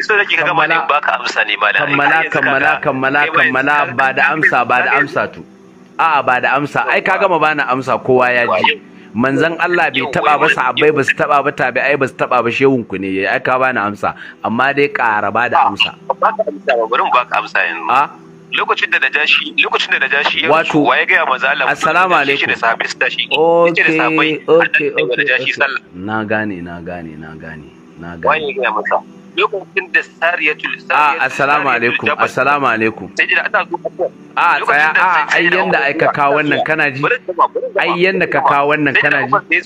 so nake ka gama ne baka amsa ne malam kammala kammala kammala kammala ba da amsa ba da amsa to a'a ba da amsa ai ka gama bana amsa kowa ya ji manzon Allah bai taba ba abai ba su taba ba ai ba su taba ba shehun ku ne ai ka bana amsa amma dai ƙara ba da amsa ba ka amsa ba gurin ba amsa yanzu lokacin da najashi lokacin da najashi ya wato waye ga maza Allah assalamu alaikum da sahabbai da tashi okay okay okay najashi sallah na gane na gane na gane na gane waye ga maza lokacin da sariyatul sariyatu ah assalamu alaikum assalamu alaikum sai da ana zuwa ah tsaya ah ai yanda ai ka kawo wannan kana ji ai yanda ka kawo wannan kana ji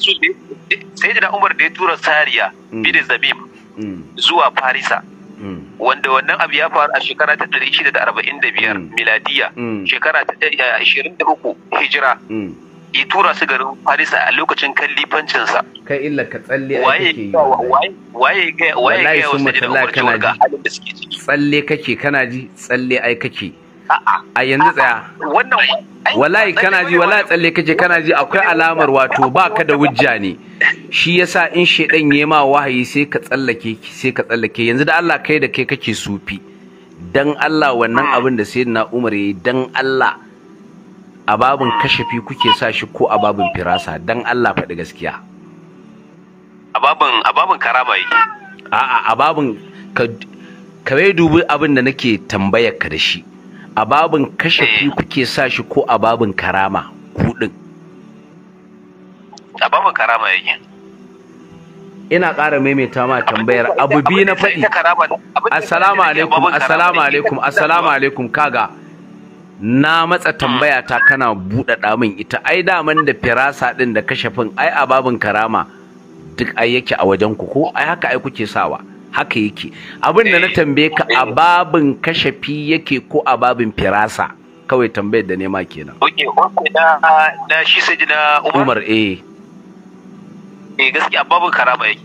sai da Umar da ya tura sariya mm. bi da zabib mm. zuwa Farisa wanda wannan abu ya faru a shekara ta 645 mm. miladiya mm. shekara ta 23 eh, hijira mm. ya tura su garin Farisa a lokacin kallifancinsa. Kai illa ka tsalle a ke yi. Waye gaya wasu da umarci warga halin da suke ciki. Tsalle kake kana ji tsalle ai kake. a yanzu tsaya wallahi kana ji wallahi tsalle kace kana ji akwai alamar wato baka da wujja ne shi yasa in shedan ma wahayi sai ka tsallake sai ka tsallake yanzu da Allah kai da kai kake sufi dan Allah wannan hmm. abin da sayyidina Umar yayi dan Allah a babin kashafi kuke sa shi ko a babin firasa dan Allah faɗi gaskiya a babin a babun karama yake a'a a babin ka ka dubi abin da nake tambayar ka da shi a babin fi eh. kuke sa shi ko a babin karama kudin a babin karama yake ina ƙara maimaita ma tambayar abu bi na faɗi assalamu alaikum assalamu alaikum assalamu alaikum kaga na matsa hmm. tambaya ta kana buɗaɗa min ita ai daman da firasa ɗin da fin ai a babin karama duk ai yake a wajen ku ko ai haka ai kuke sawa haka yake abin da na eh. tambaye ka a eh. babin kashafi yake ko a babin firasa kawai tambayar da nema kenan na shi sai na umar eh eh gaskiya babin karama yake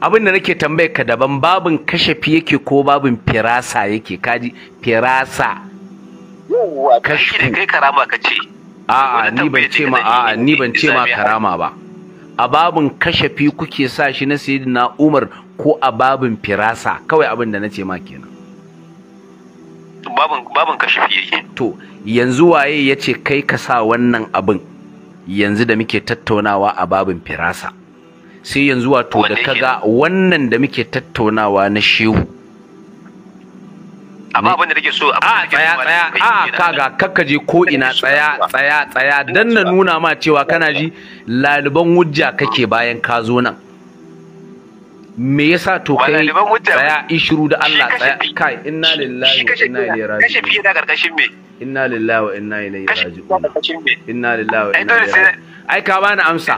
abin da nake tambayar ka daban babin kashafi yake ko babin firasa yake kaji firasa yawwa da kai karama ka ce a'a ni ban ce ma a'a ni ban ce ma karama ba a babin kashafi kuke sa shi na sayyidina Umar ko a babin firasa kawai abin da na ce ma kenan babin babin kashifi yake to yanzu waye ya ce kai ka sa wannan abin yanzu da muke tattaunawa a babin firasa sai yanzu wato da kaga wannan da muke tattaunawa na shehu amma abin da nake so a tsaya tsaya a kaga je ko ina tsaya tsaya tsaya dan na nuna ma cewa kana ji laliban hujja kake bayan ka zo nan me yasa to kai tsaya ishiru da Allah tsaya kai inna lillahi wa inna ilaihi raji'un kashe fiye da karkashin me inna lillahi wa inna ilaihi raji'un inna lillahi wa inna ilaihi raji'un ai ka bani amsa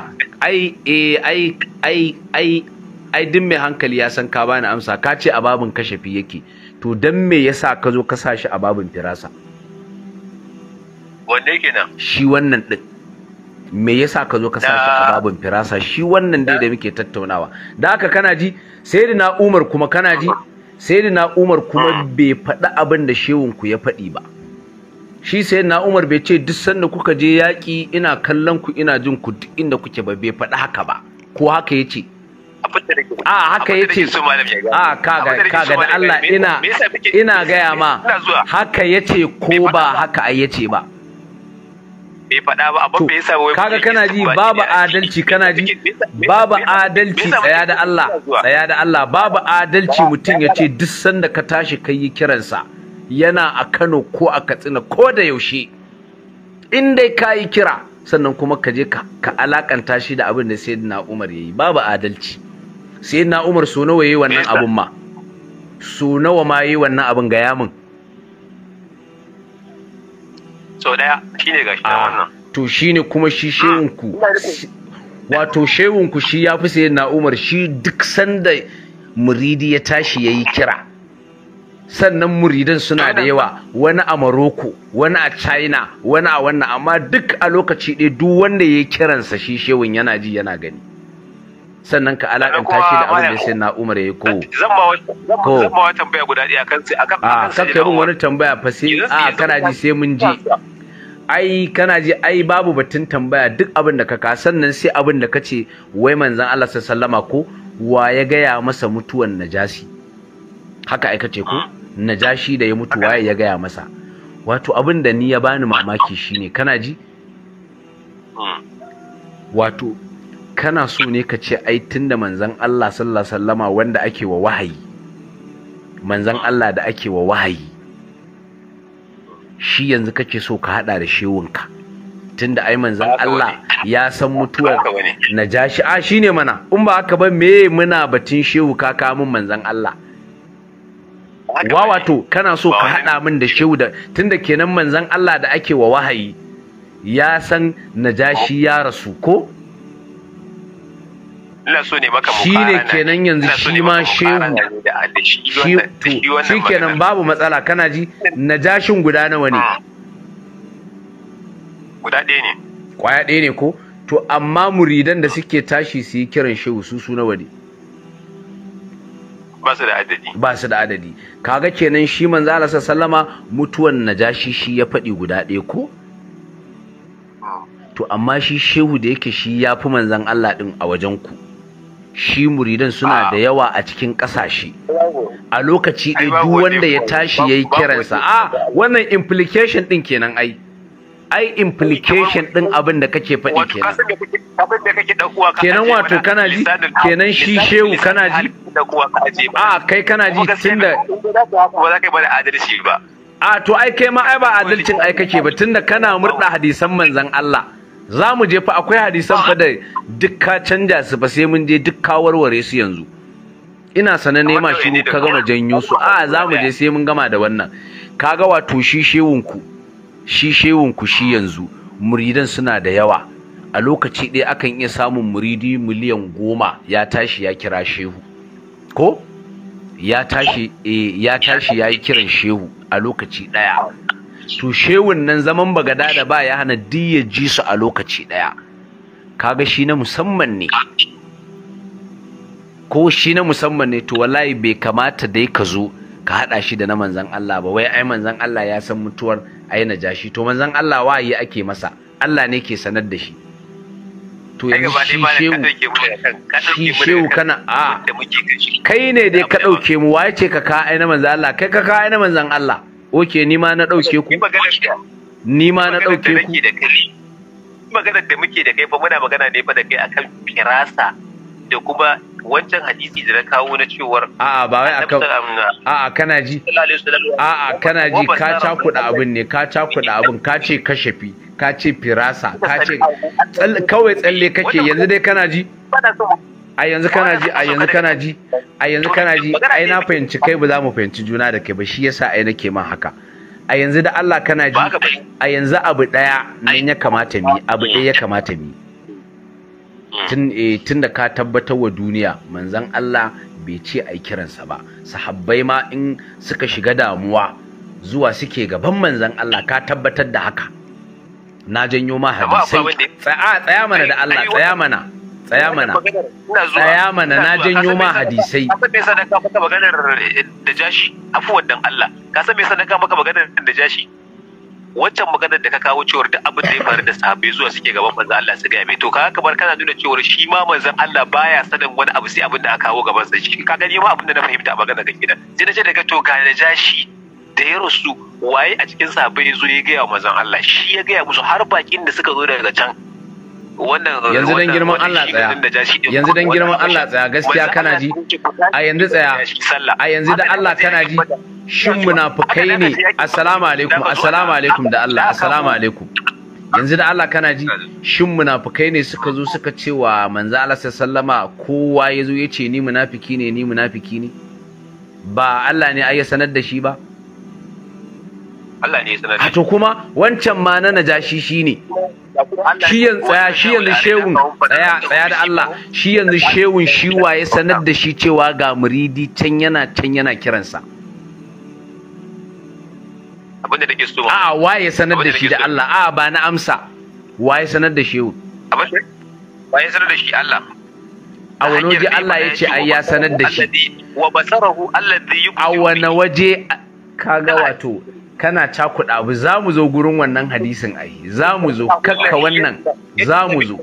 ai eh ai ai ai ai din mai hankali ya san ka bani amsa ka ce a babin fiye yake to dan me yasa ka zo ka sa shi a babin firasa wanne kenan shi wannan din me yasa ka zo ka sa shi a firasa shi wannan dai da muke tattaunawa da haka kana ji sayyidina Umar kuma kana ji sayyidina Umar kuma bai faɗi abin da shehun ku ya faɗi ba shi sayyidina Umar bai ce duk sanda kuka je yaƙi ina kallon ku ina jin ku duk inda kuke ba bai faɗi haka ba ko haka yace a haka yace a kaga kaga da Allah ina ina gaya ma haka yace ko ba haka ai yace ba bai faɗa ba abin bai yasa wai kaga kana ji babu adalci kana ji babu adalci tsaya da Allah tsaya da Allah babu adalci mutum ya ce duk sanda ka tashi kai yi kiransa yana a Kano ko a Katsina ko da yaushe in dai ka yi kira sannan kuma ka je ka alakanta shi da abin da sayyidina Umar yayi babu adalci sayyidina Umar so nawa yayi wannan abun ma so nawa ma yayi wannan abin ga yamin sau daya shine gashi na ah, wannan to shine kuma shi shehunku ah, wato shehunku shi ya fi sayin na umar shi duk sanda muridi ya tashi ya yi kira sannan muridan suna da yawa wani a Maroko, wani a China, wani a wannan amma duk a lokaci ɗaya duk wanda ya kiransa shi shehun yana ji yana gani. sannan ka alaƙanta shi da abin da sai na Umar ya yi ko zan ba wa tambaya guda ɗaya kan sai a ah, kakka min wani tambaya fa sai a ah, kana ji sai mun ji ai kana ji ai babu batun tambaya duk abin da ka ka sannan sai abin da ka ce wai manzon Allah sallama ko wa ya gaya masa mutuwan najasi haka ai kace ko hmm. najashi da ya mutu waye ya gaya masa wato abin da ni ya bani mamaki shine kana ji hmm. wato kana so ne ka ce ai tunda manzon Allah sallallahu alaihi wasallama wanda ake wa wahayi manzon Allah da ake wa wahayi shi yanzu kake so ka hada da shewunka tunda ai manzon Allah ya san mutuwar najashi a shine mana in ba haka ba me muna batun shewu ka ka min manzon Allah wa wato kana so ka hada min da shewu? da tunda kenan manzon Allah da ake wa wahayi ya san najashi ya rasu ko ina ne maka shi ne kenan yanzu shi ma shehu shi kenan babu matsala kana ji najashin guda nawa ne ah. guda ɗaya ne kwaya ɗaya ne ko to amma muridan da suke tashi su yi kiran shehu su su nawa ne ba su da adadi ba su da adadi kaga kenan shi manzo Allah sallama mutuwan najashi shi ya faɗi guda ɗaya ko hmm. to amma shi shehu da yake shi ya fi manzan Allah ɗin a wajen ku shi muridan suna ah. da yawa a cikin ƙasashe a lokaci ɗaya duk wanda ya tashi ya yi kiransa a ah, wannan implication ɗin kenan ai ai implication din abin da kake faɗi kenan kenan wato kana ji kenan shi shehu kana ji a ah, kai kana ji tunda ba za ka da adalci ba a to ai kai ma ai ba adalcin ai kake ba tunda kana murda hadisan manzon Allah za mu je fa akwai hadisan fa da duk ka canja su fa sai mun je duk ka warware su yanzu ina sanar nema shi ka gama janyo su a za mu je sai mun gama da wannan kaga wato shi shewunku shi shewunku shi yanzu muridan suna da yawa a lokaci ɗaya akan iya samun muridi miliyan goma ya tashi ya kira shehu ko ya tashi eh, ya tashi ya yi kiran shehu a lokaci ɗaya to shewun nan zaman bagada da ba ya hana duk ya ji su a lokaci ɗaya kaga shi na musamman ne ko shi na musamman ne to wallahi bai kamata dai ka zo ka haɗa shi da na manzan Allah ba wai ai manzan Allah ya san mutuwar ai na jashi to manzan Allah wayi ake masa Allah ne ke sanar da shi to yanzu shi shewu shi shewu kana a kai ne dai ka ɗauke mu waye ce ka ka ai na manzan Allah kai ka ka ai na manzan Allah Oke ni ma na ɗauke ku. Ni ma na ɗauke ku. Maganar da muke da kai fa muna magana ne fa da kai akan firasa da kuma wancan hadisi da na kawo na cewar a'a ba wai akan a'a kana ji a'a kana ji ka cakuɗa abin ne ka cakuɗa abin ka ce kashafi ka ce firasa ka ce kawai tsalle kake yanzu dai kana ji a yanzu kana ji a yanzu kana ji a yanzu kana ji ai na fahimci kai ba za mu fahimci juna da kai ba shi yasa ai nake ma haka a yanzu da Allah kana ji a yanzu abu daya nan ya kamata mi abu daya ya kamata mi mm. tun eh tun da ka tabbatar wa duniya manzon Allah bai ce ai kiransa ba sahabbai ma in suka shiga damuwa zuwa suke gaban manzon Allah ka tabbatar da haka na janyo ma hadisi tsaya mana da Allah tsaya mana tsaya mana tsaya mana na janyo ma hadisai ka san me sadaka maka maganar eh, da jashi afuwar dan Allah ka san me sadaka maka maganar da jashi Wancan maganar da ka kawo cewar da abin da ya faru da sahabbai zuwa suke gaban manzon Allah su gaya mai to kaga kamar kana nuna cewar shi ma manzon Allah baya sanin wani abu sai abin da aka kawo gaban sa shi Ka gani ma abin da na fahimta a maganar ka kidan sai na ce daga to ga da jashi da ya rasu waye a cikin sahabbai ya ya gaya wa manzon Allah shi ya gaya musu har bakin da suka zo daga can yanzu dan girman Allah tsaya yanzu dan girman Allah tsaya gaskiya kana ji a yanzu tsaya a yanzu da Allah kana ji shin munafukai ne assalamu alaikum assalamu alaikum da Allah assalamu alaikum yanzu da Allah kana ji shin munafukai ne suka zo suka ce wa manzo Allah sallama kowa ya zo ya ce ni munafiki ne ni munafiki ne ba Allah ne ai ya sanar da shi ba Allah ne ya sanar to kuma wancan ma na najashi shine shi yanzu tsaya shi yanzu shehun tsaya tsaya da Allah shi yanzu shehun shi waye sanar da shi cewa ga muridi can yana can yana kiransa abinda da ke so a waye sanar da shi da Allah A'a ba na amsa waye sanar da shehun waye sanar da shi Allah a wani waje Allah ya ce ai ya sanar da shi wa basarahu alladhi a wani waje kaga wato kana cakuɗa abu za mu zo gurin wannan hadisin ai za mu zo kakka wannan za mu zo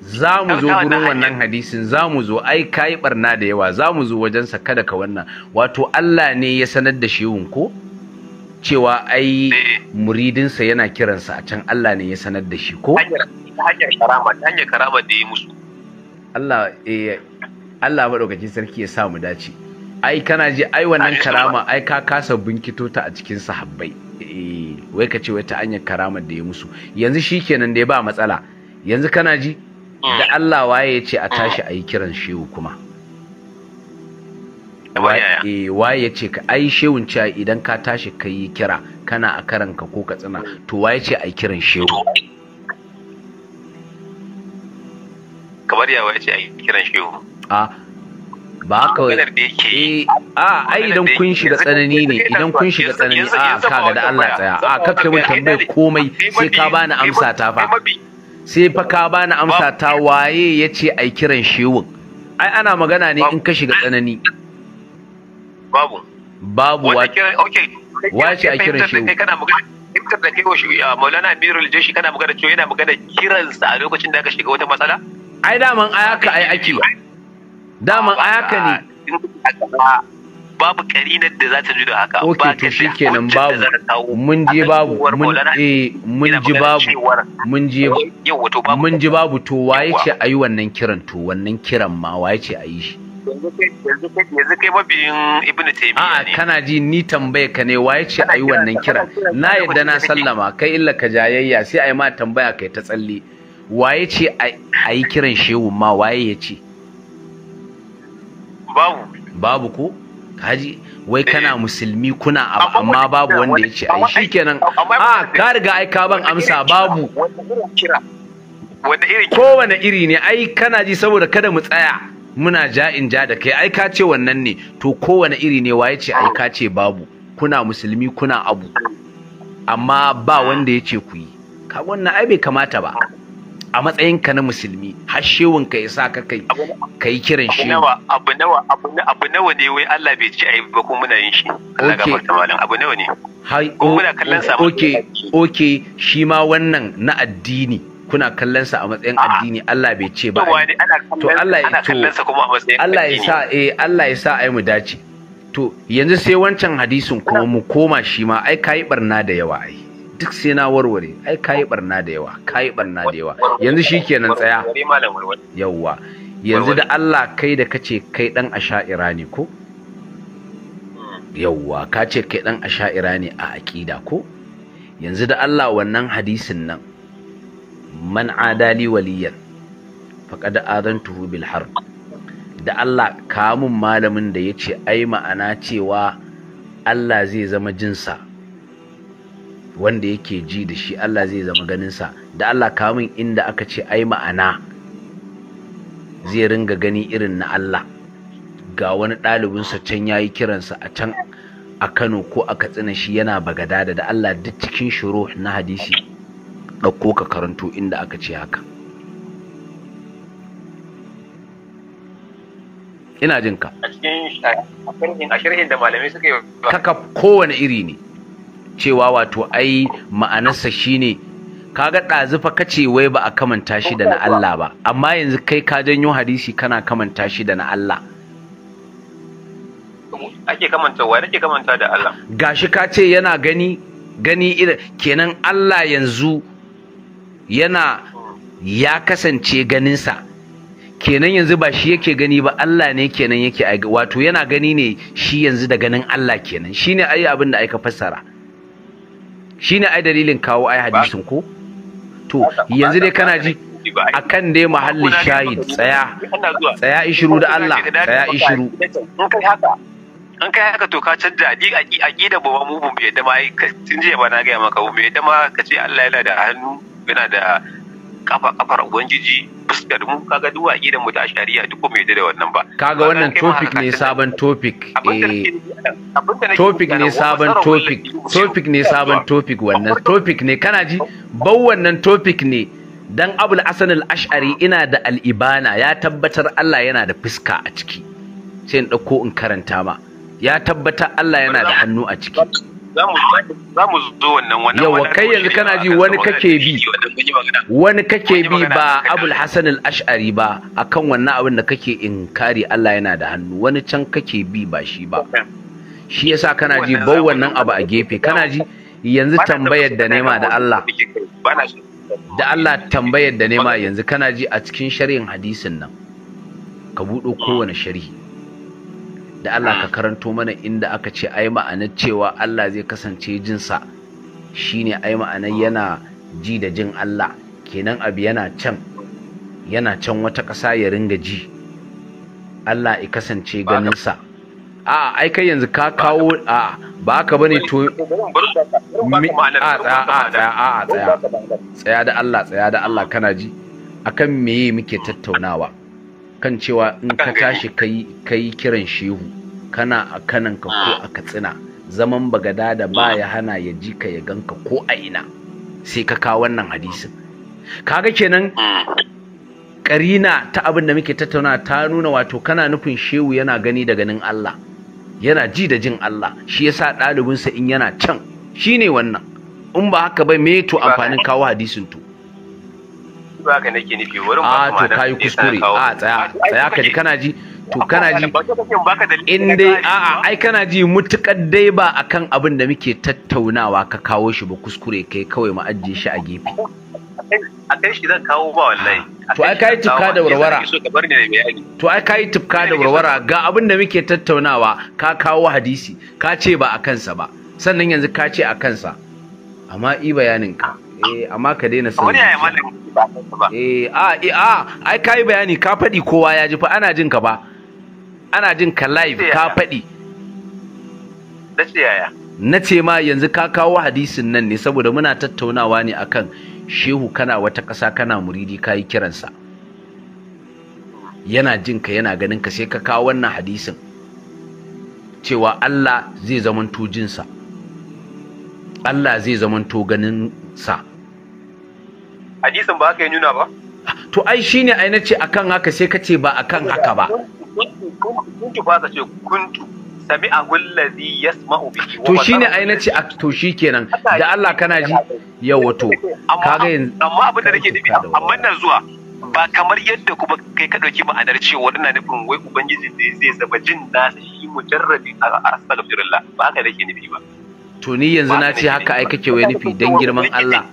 za mu zo gurin wannan hadisin za mu zo ai yi barna da yawa za mu zo wajensa kada ka wannan wato Allah ne ya sanar da shehun ko cewa ai muridinsa yana kiransa a can Allah ne ya sanar da shi ko hanyar karama ta hanyar karama da ya musu Allah eh Allah madaukakin sarki ya sa mu dace ai kana ji ai wannan karama ai ka kasa binkito ta a cikin sahabbai eh, wai ka ce wai ta hanyar karama da ya musu yanzu shikenan da ya ba matsala yanzu kana ji mm. da Allah waye ya ce a mm. tashi a yi kiran shehu kuma eh, waye ya ce ka ai shehun cewa idan ka tashi ka yi kira kana a karanka ko ka tsina to waye ce a yi kiran shehu kamar ya waye ce a yi kiran shehu ah, ba kawai eh a ai idan kun shiga tsanani ne idan kun shiga tsanani a ga da Allah tsaya a kakka mun tambaye komai sai ka bani amsa ta fa sai fa ka bani amsa ta waye yace ai kiran shewun ai ana magana ne in ka shiga tsanani babu babu wace a kiran shehu kai kana magana imtar da kai shi maulana amirul jeshi kana magana cewa yana magana kiransa a lokacin da aka shiga wata matsala ai daman ai haka ai ake daman a haka ne babu karinar da za ta ji da haka ba to shikenan babu mun ji babu mun eh mun ji babu mun mun ji babu to waye ce ayi wannan kiran to wannan kiran ma waye ce ayi shi yanzu kai mabiyin ibn taymiya ne kana ji ni tambaye ka ne waye ce ayi wannan kiran na yadda na sallama kai illa ka jayayya sai ayi ma tambaya kai ta tsalle waye ce ayi kiran shehu ma waye ya ce babu babu ko kaji wai kana eh. musulmi kuna amma babu wanda ya ce ai shikenan a ah, ka riga ai ka ban amsa babu kowane iri ne ai kana ji saboda kada mu tsaya muna ja in ja da kai ai ka ce wannan ne to kowane iri ne waye ce ai ka ce babu kuna musulmi kuna abu amma ba wanda ya ce ku yi ka wannan ai bai kamata ba a matsayin ka na musulmi har shewun ka yasa ka kai kai kiran shi nawa abu nawa abu nawa ne wai Allah bai ci ayi ba ko muna yin shi Allah ga farta malam abu nawa ne hai muna kallon sa okay okay shi ma wannan na addini kuna kallon sa a matsayin addini Allah bai ce ba to Allah ya to Allah ya sa eh Allah ya sa ai mu dace to yanzu sai wancan hadisin kuma mu koma shi ma ai kai barna da yawa ai duk sai na warware ai kayi barna da yawa kayi barna da yawa yanzu shikenan tsaya yawa yanzu da Allah kai da kace kai dan asha'ira ne ko yawa ka ce kai dan asha'ira ne a aqida ko yanzu da Allah wannan hadisin nan man adali waliyan faqad adantuhu bil harb da Allah kamun malamin da yace ai ma'ana cewa Allah zai zama jinsa wanda yake ji da shi Allah zai zama ganinsa da Allah kamun inda aka ce ai ma'ana zai ringa gani irin na Allah ga wani ɗalibinsa can ya yi kiransa a can a Kano ko a Katsina shi yana bagadada da Allah duk cikin shuruh na hadisi ɗauko ka karanto inda aka ce haka ina jinka a cikin a da malamai suka yi kaka kowane iri ne cewa wato ai ma'anarsa shine kaga ɗazufa kace wai ba a kamanta shi da na Allah ba amma yanzu kai ka janyo hadisi kana kamanta shi da na Allah ake kamanta wai nake kamanta da Allah gashi ka ce yana gani gani irin kenan Allah yanzu yana ya kasance ganinsa kenan yanzu ba shi yake gani ba Allah ne kenan yake wato yana gani ne shi yanzu da ganin Allah kenan shine ai abin da aika fassara shine ai dalilin kawo ai hadisin ko to yanzu dai kana ji akan dai mahalli shahid tsaya tsaya ishiru da Allah tsaya ishiru in kai haka in kai haka to ka canza da ba mu bu bai da mai sun je ba na ga maka bu bai da ma kace Allah yana da hannu yana da kafa kafar ubangiji fuskar mu kaga duwa wa mu ta shari'a duk mai da wannan ba kaga wannan topic ne sabon topic eh topic ne sabon topic topic ne sabon topic wannan topic ne kana ji bau wannan topic ne dan abul asan al-ash'ari ina da al-ibana ya tabbatar Allah yana da fuska a ciki sai in dauko in karanta ma ya tabbata Allah yana da hannu a ciki za mu zo wannan wannan yawa kai yanzu kana ji wani kake bi wani kake bi ba abul hasan al-ash'ari ba akan wannan abin da kake inkari Allah yana da hannu wani can kake bi ba shi ba shi yasa kana ji bau wannan abu a gefe kana ji yanzu tambayar da nema da Allah da Allah tambayar da nema yanzu kana ji a cikin shari'in hadisin nan ka buɗo kowane shari'i da Allah ka karanto mana inda aka ce ai ma'anar cewa Allah zai kasance jinsa shine ai ma'anar yana ji da jin Allah kenan abu yana can yana can wata ƙasa ya ringa ji Allah ya kasance ganinsa a ai kai yanzu ka kawo a ba ka bane to tsaya tsaya da Allah tsaya da Allah kana ji akan meye muke tattaunawa kan cewa in ka tashi ka yi kiran shehu kana a kananka ko ah. a katsina zaman bagada da ba ah. ya hana ya ji ka ya ganka ko a ina sai ka kawo wannan hadisin kaga kenan karina ah. ta abin da muke tattauna ta nuna wato kana nufin shehu yana gani da ganin Allah yana ji da jin Allah shi yasa ɗalibinsa in yana can shine wannan in ba haka ba me to amfanin kawo hadisin to ba haka nake nufi wurin ah, ba kuskure a tsaya ah, tsaya ka ji kana ji to kana ji in dai a'a ai kana ji mutukar dai ba akan abin da muke tattaunawa ka kawo shi ba kuskure kai kawai mu shi a gefe a kai shi zan kawo ba wallahi to ai kai tufka da warwara to ai kai tufka da warwara ga abin da muke tattaunawa ka kawo hadisi ka ce ba a kansa ba sannan yanzu ka ce a kansa amma i bayanin ka eh amma ka daina sani eh a eh, a ai kai bayani ka faɗi kowa ya ji fa ana jin ka ba ana jin ka live ka faɗi da na ce ma yanzu ka kawo hadisin nan ne saboda muna tattaunawa ne akan shehu kana wata ƙasa kana muridi ka yi kiransa yana jin ka yana ganin ka sai ka kawo wannan hadisin cewa Allah zai zamanto jinsa Allah zai zamanto ganin sa hadisin ba haka ya nuna ba to ai shine ai nace akan haka sai kace ba akan haka ba kuntu ba kace kuntu sami'a allazi yasma'u bihi to shine ai nace to shikenan da Allah kana ji yawa to kaga amma abin da nake nufi amma nan zuwa ba kamar yadda kuma kai ka dauki ma'anar cewa ina nufin wai ubangiji zai zai zaba jin nasa shi mujarrabi a jirilla ba haka nake nufi ba to ni yanzu na ce haka ai kake wai nufi dan girman Allah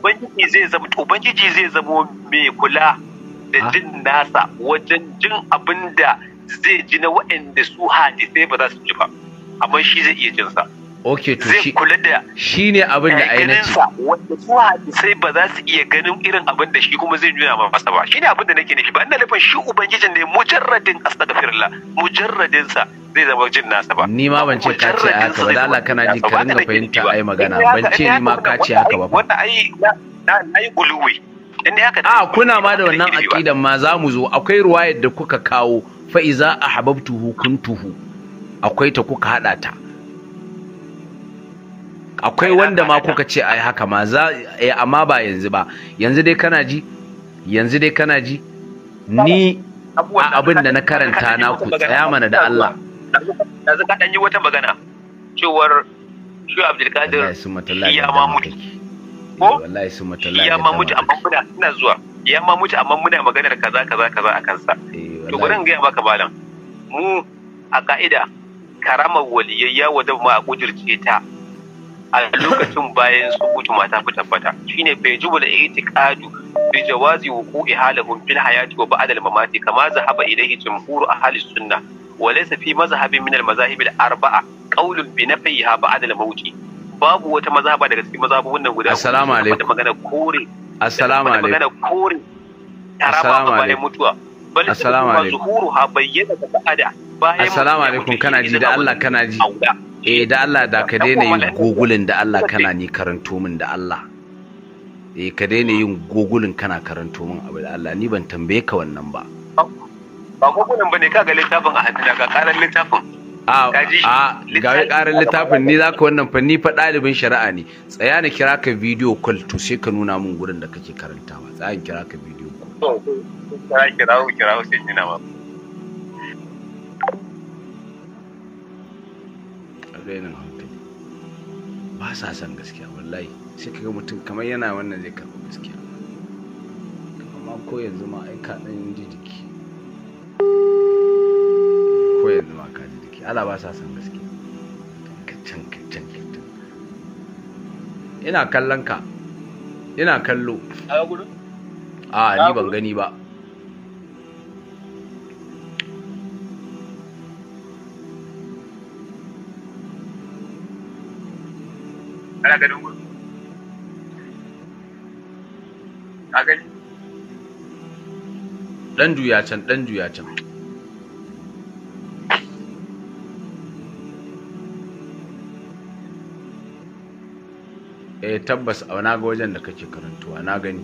ubangiji zai zama ubangiji zai zama mai kula da ah. jin nasa wajen jin abinda zai ji na waɗanda su sai ba za su ji ba amma shi zai iya jinsa. okay to shi kula da ne abin da ainihin nace wanda su sai ba za su iya ganin irin abin da shi kuma zai nuna ma masa ba ne abin da nake nufi ba ina nufin shi ubangijin ne mujarradin astagfirullah mujarradin sa zai zama jin nasa ba ni ma ban ce ka ce haka ba Allah kana ji ka ringa fahimta ai magana ban ce ni ma ka ce haka ba wanda ai ai guluwi in haka a kuna ma da wannan aqidan ma za mu zo akwai ruwayar da kuka kawo fa iza ahbabtuhu kuntuhu akwai ta kuka hada ta akwai wanda ma kuka ce ai haka ma za eh amma ba yanzu ba yanzu dai kana ji yanzu dai kana ji ni abin da na karanta na ku tsaya mana da Allah yanzu ka dan yi wata magana cewar shi Abdulkadir ya ma mutu ko eh, wallahi su mutalla ya ma mutu amma muna ina zuwa ya ma mutu amma muna maganar kaza kaza kaza akan sa eh, to gurin ga baka malam mu a ka'ida karamar waliyayya wadda ma a kujirce ta a lokacin bayan su sukutu mata fi tabbata shine bai jubu da itiqadu bi jawazi wuqu'i halahum fil hayati wa ba'da al mamati kama zahaba ilayhi jumhur ahli sunnah wa laysa fi mazhabin min al mazahib al arba'a qawlun bi nafiha ba'da al mawti babu wata mazhaba daga cikin mazhabun nan guda assalamu alaikum magana kore assalamu alaikum magana kore taraba bayan mutuwa bal assalamu alaikum zuhuruha bayyana ta'ada bayan assalamu alaikum kana ji da Allah kana ji eh da Allah da ka daina yin gogulin da Allah kana ni karanto min da Allah eh ka daina yin gogulin kana karanto min abu da Allah ni ban tambaye ka wannan ba ba gogulin bane ka ga littafin a hannu ga karan littafin a a ga karan littafin ni zaka wannan fa ni fa dalibin shari'a ne tsaya ni kira ka video call to sai ka nuna min gurin da kake karantawa tsaya kira ka video call to kira kira kira sai na ma rainin hankali ba sa son gaskiya wallahi sai kaga mutum kamar yana wannan zai karɓi gaskiya amma ko yanzu ma ai ka ɗan ji jiki ko yanzu ma ka ji jiki ala ba sa son gaskiya kacan kacan kacan ina kallon ka ina kallo a ni ban gani ba ana ganin gudu ka gani dan juya can dan juya can eh tabbas a na ga wajen da kake karantuwa na gani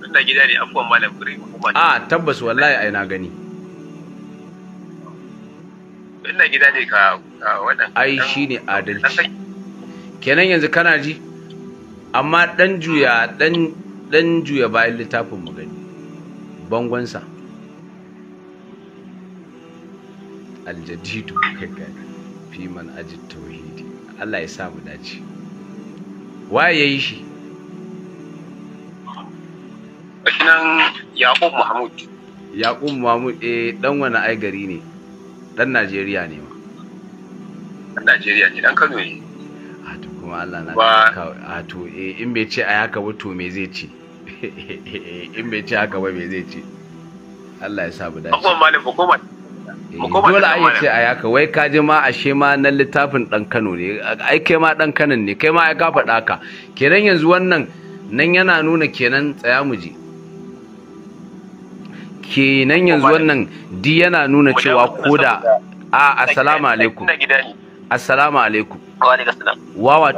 tunda gida ne afuwan malam kure ah tabbas wallahi ai na gani ina gida ne ka ai shi ne adalci kenan yanzu kana ji amma dan juya dan dan juya bayan littafin mu gani bangonsa aljadidu kaga fi man ajid tauhidi Allah ya sa mu dace waye yayi shi nan Yaqub Mahmud Yaqub Mahmud eh dan wani ai gari ne dan Najeriya ne Najeriya ne dan Kano ne to kuma Allah na a to eh, in bai ce a haka ba to me zai ce in bai ce haka ba me zai ce Allah ya sa mu dace eh, dole ai ce a yaka wai ka ji ma ashe ma nan littafin dan Kano ne ai kai ma dan Kano ne kai ma ai ka faɗa ka kenan yanzu wannan nan yana nuna kenan tsaya mu ji kenan yanzu wannan di yana nuna cewa koda a assalamu alaikum assalamu alaikum wa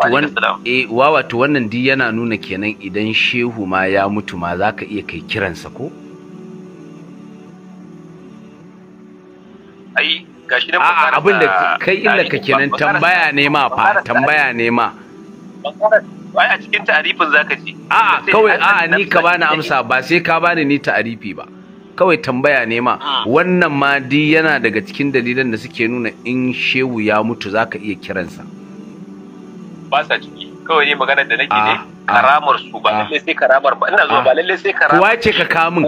eh, wato wannan di yana nuna kenan idan shehu ma ya mutu ma za ka iya kai kiransa ko ai gashi da abin da kai illa ka kenan tambaya ne ma fa tambaya ne ma wai a cikin ta'arifin zaka ji a'a kawai a'a ni ka bani amsa ba sai ka bani ni ta'arifi ba kawai tambaya ne ma ah. wannan ma di yana daga cikin dalilan da suke nuna in shehu ya mutu zaka iya kiransa ba sa ciki kawai ne magana da nake ne ah, ah. karamar su ba lalle sai karamar ba ina zuwa ba lalle sai karamar kuwa ce ka kamun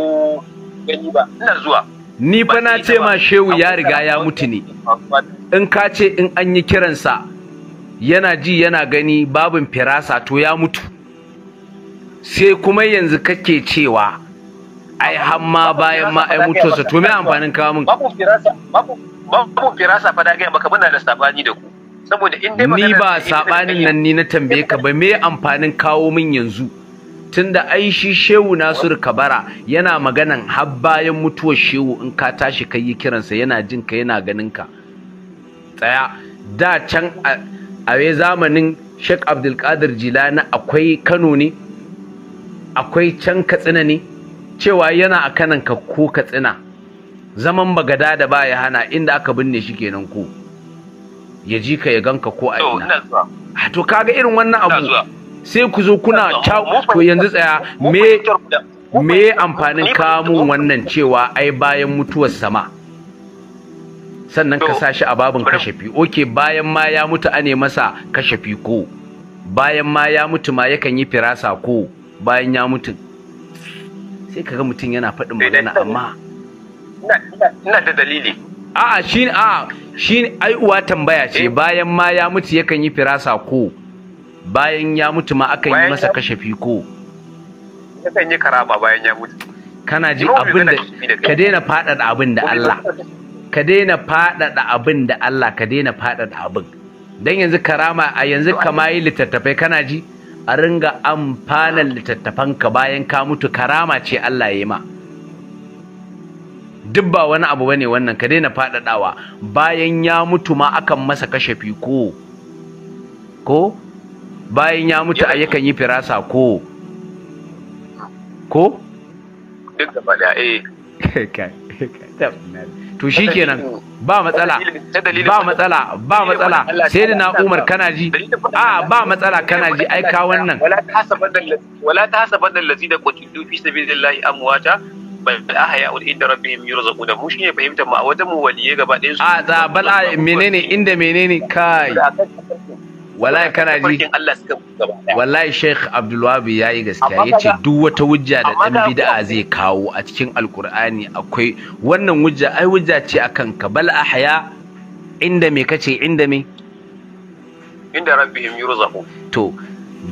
gani ba ina zuwa ni fa na ce ma shehu ya riga ya mutu ne in ka ce in an yi kiransa yana ji yana gani babin firasa to ya mutu sai kuma yanzu kake cewa ai hamma bayan ma ai mutuwarsa to me amfanin kawo min babu firasa babu babu firasa fa da ga baka muna da sabani da ku saboda in dai ni ba sabanin nan ni na tambaye ka ba me amfanin kawo min yanzu tunda ai shi shehu Nasiru Kabara yana maganan har bayan mutuwar shehu in ka tashi kai yi kiransa yana jin ka yana ganin ka tsaya da can a zamanin Sheikh Abdulkadir Jilani akwai Kano ne akwai can Katsina ne cewa yana a kanan ka ko katsina zaman bagada da ba ya hana inda aka binne shi kenan ko ya ji ka ya ganka ko a ina a ah, to kaga irin wannan abu sai ku zo kuna to yanzu tsaya me me amfanin kamun wannan cewa ai bayan mutuwar sama sannan ka sashi shi a babin kashafi oke bayan ma ya mutu ane masa kashafi ko bayan ma ya mutu ma yakan yi firasa ko bayan ya mutu sai kaga mutum yana faɗin magana amma ina da dalili a'a shi a shi ai uwa tambaya ce eh. bayan ma ya mutu yakan yi firasa ko bayan ya mutu ma akan yi masa kashafi ko yakan yi karaba bayan ya mutu kana ji abin da ka daina faɗaɗa abin da Allah ka daina faɗaɗa abin da Allah ka daina faɗaɗa abin dan yanzu karama a yanzu kama yi littattafai kana ji a ringa amfanan littattafanka bayan ka mutu karama ce Allah ya yi ma duk ba wani abu bane wannan ka daina faɗaɗawa bayan ya mutu ma akan masa kashe ko ko bayan ya mutu a yakan yi firasa ko ko duk da eh to shikenan ba matsala ba matsala ba matsala sai da na umar kana ji a ba matsala kana ji ai ka wannan wala ta hasaban da lazi da kwatilu fi sabilillahi amwata bal ahya ul inda rabbihim da mu shine fahimtar ma a wajen mu waliye gaba ɗaya su a bal menene inda menene kai wallahi kana ji wallahi Sheikh Abdul ya yayi gaskiya yace duk wata wujja da dan bid'a zai kawo a cikin Alkur'ani akwai wannan wujja ai wujja ce akan ka bal ahya inda me kace inda me inda rabbihim yurzaqu to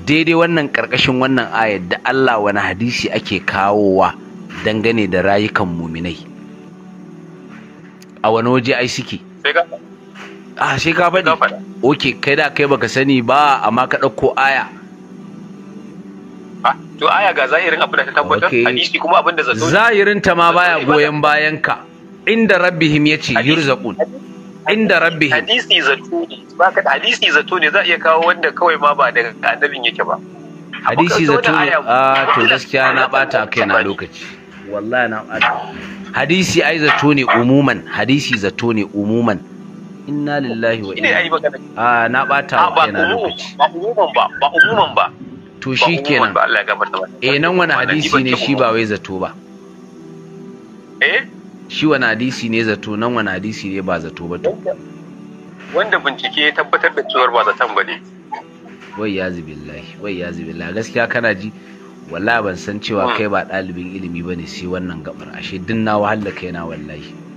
daidai wannan karkashin wannan ayar da Allah wani hadisi ake kawowa dangane da rayukan muminai a wani waje ai suke sai a shi ka faɗi ok kai da kai baka sani ba amma ka ɗauko aya ah, to aya ga zahirin abin da ta tabbatar hadisi kuma abin da zato zahirin ta ma baya goyon bayan ka inda rabbihim yace yurzaqun inda rabbihim hadisi zato ne baka da hadisi zato ne za iya kawo wanda kawai ma ba daga annabin yake ba hadisi zato ne a ah, to gaskiya na bata kai na lokaci wallahi na hadisi ai zato ne umuman hadisi zato ne umuman inna lillahi wa inna a ah, na bata wa ah, lokaci ba umuman ba ba umuman ba to shikenan eh nan wani hadisi ne shi ba wai zato ba eh shi wani hadisi ne zato nan wani hadisi ne ba zato ba to wanda bincike ya tabbatar da cewar ba zaton ba ne wai ya billahi wai ya billahi gaskiya kana ji wallahi ban san cewa hmm. kai ba ɗalibin ilimi ba ne sai wannan gabar ashe duk na kai na wallahi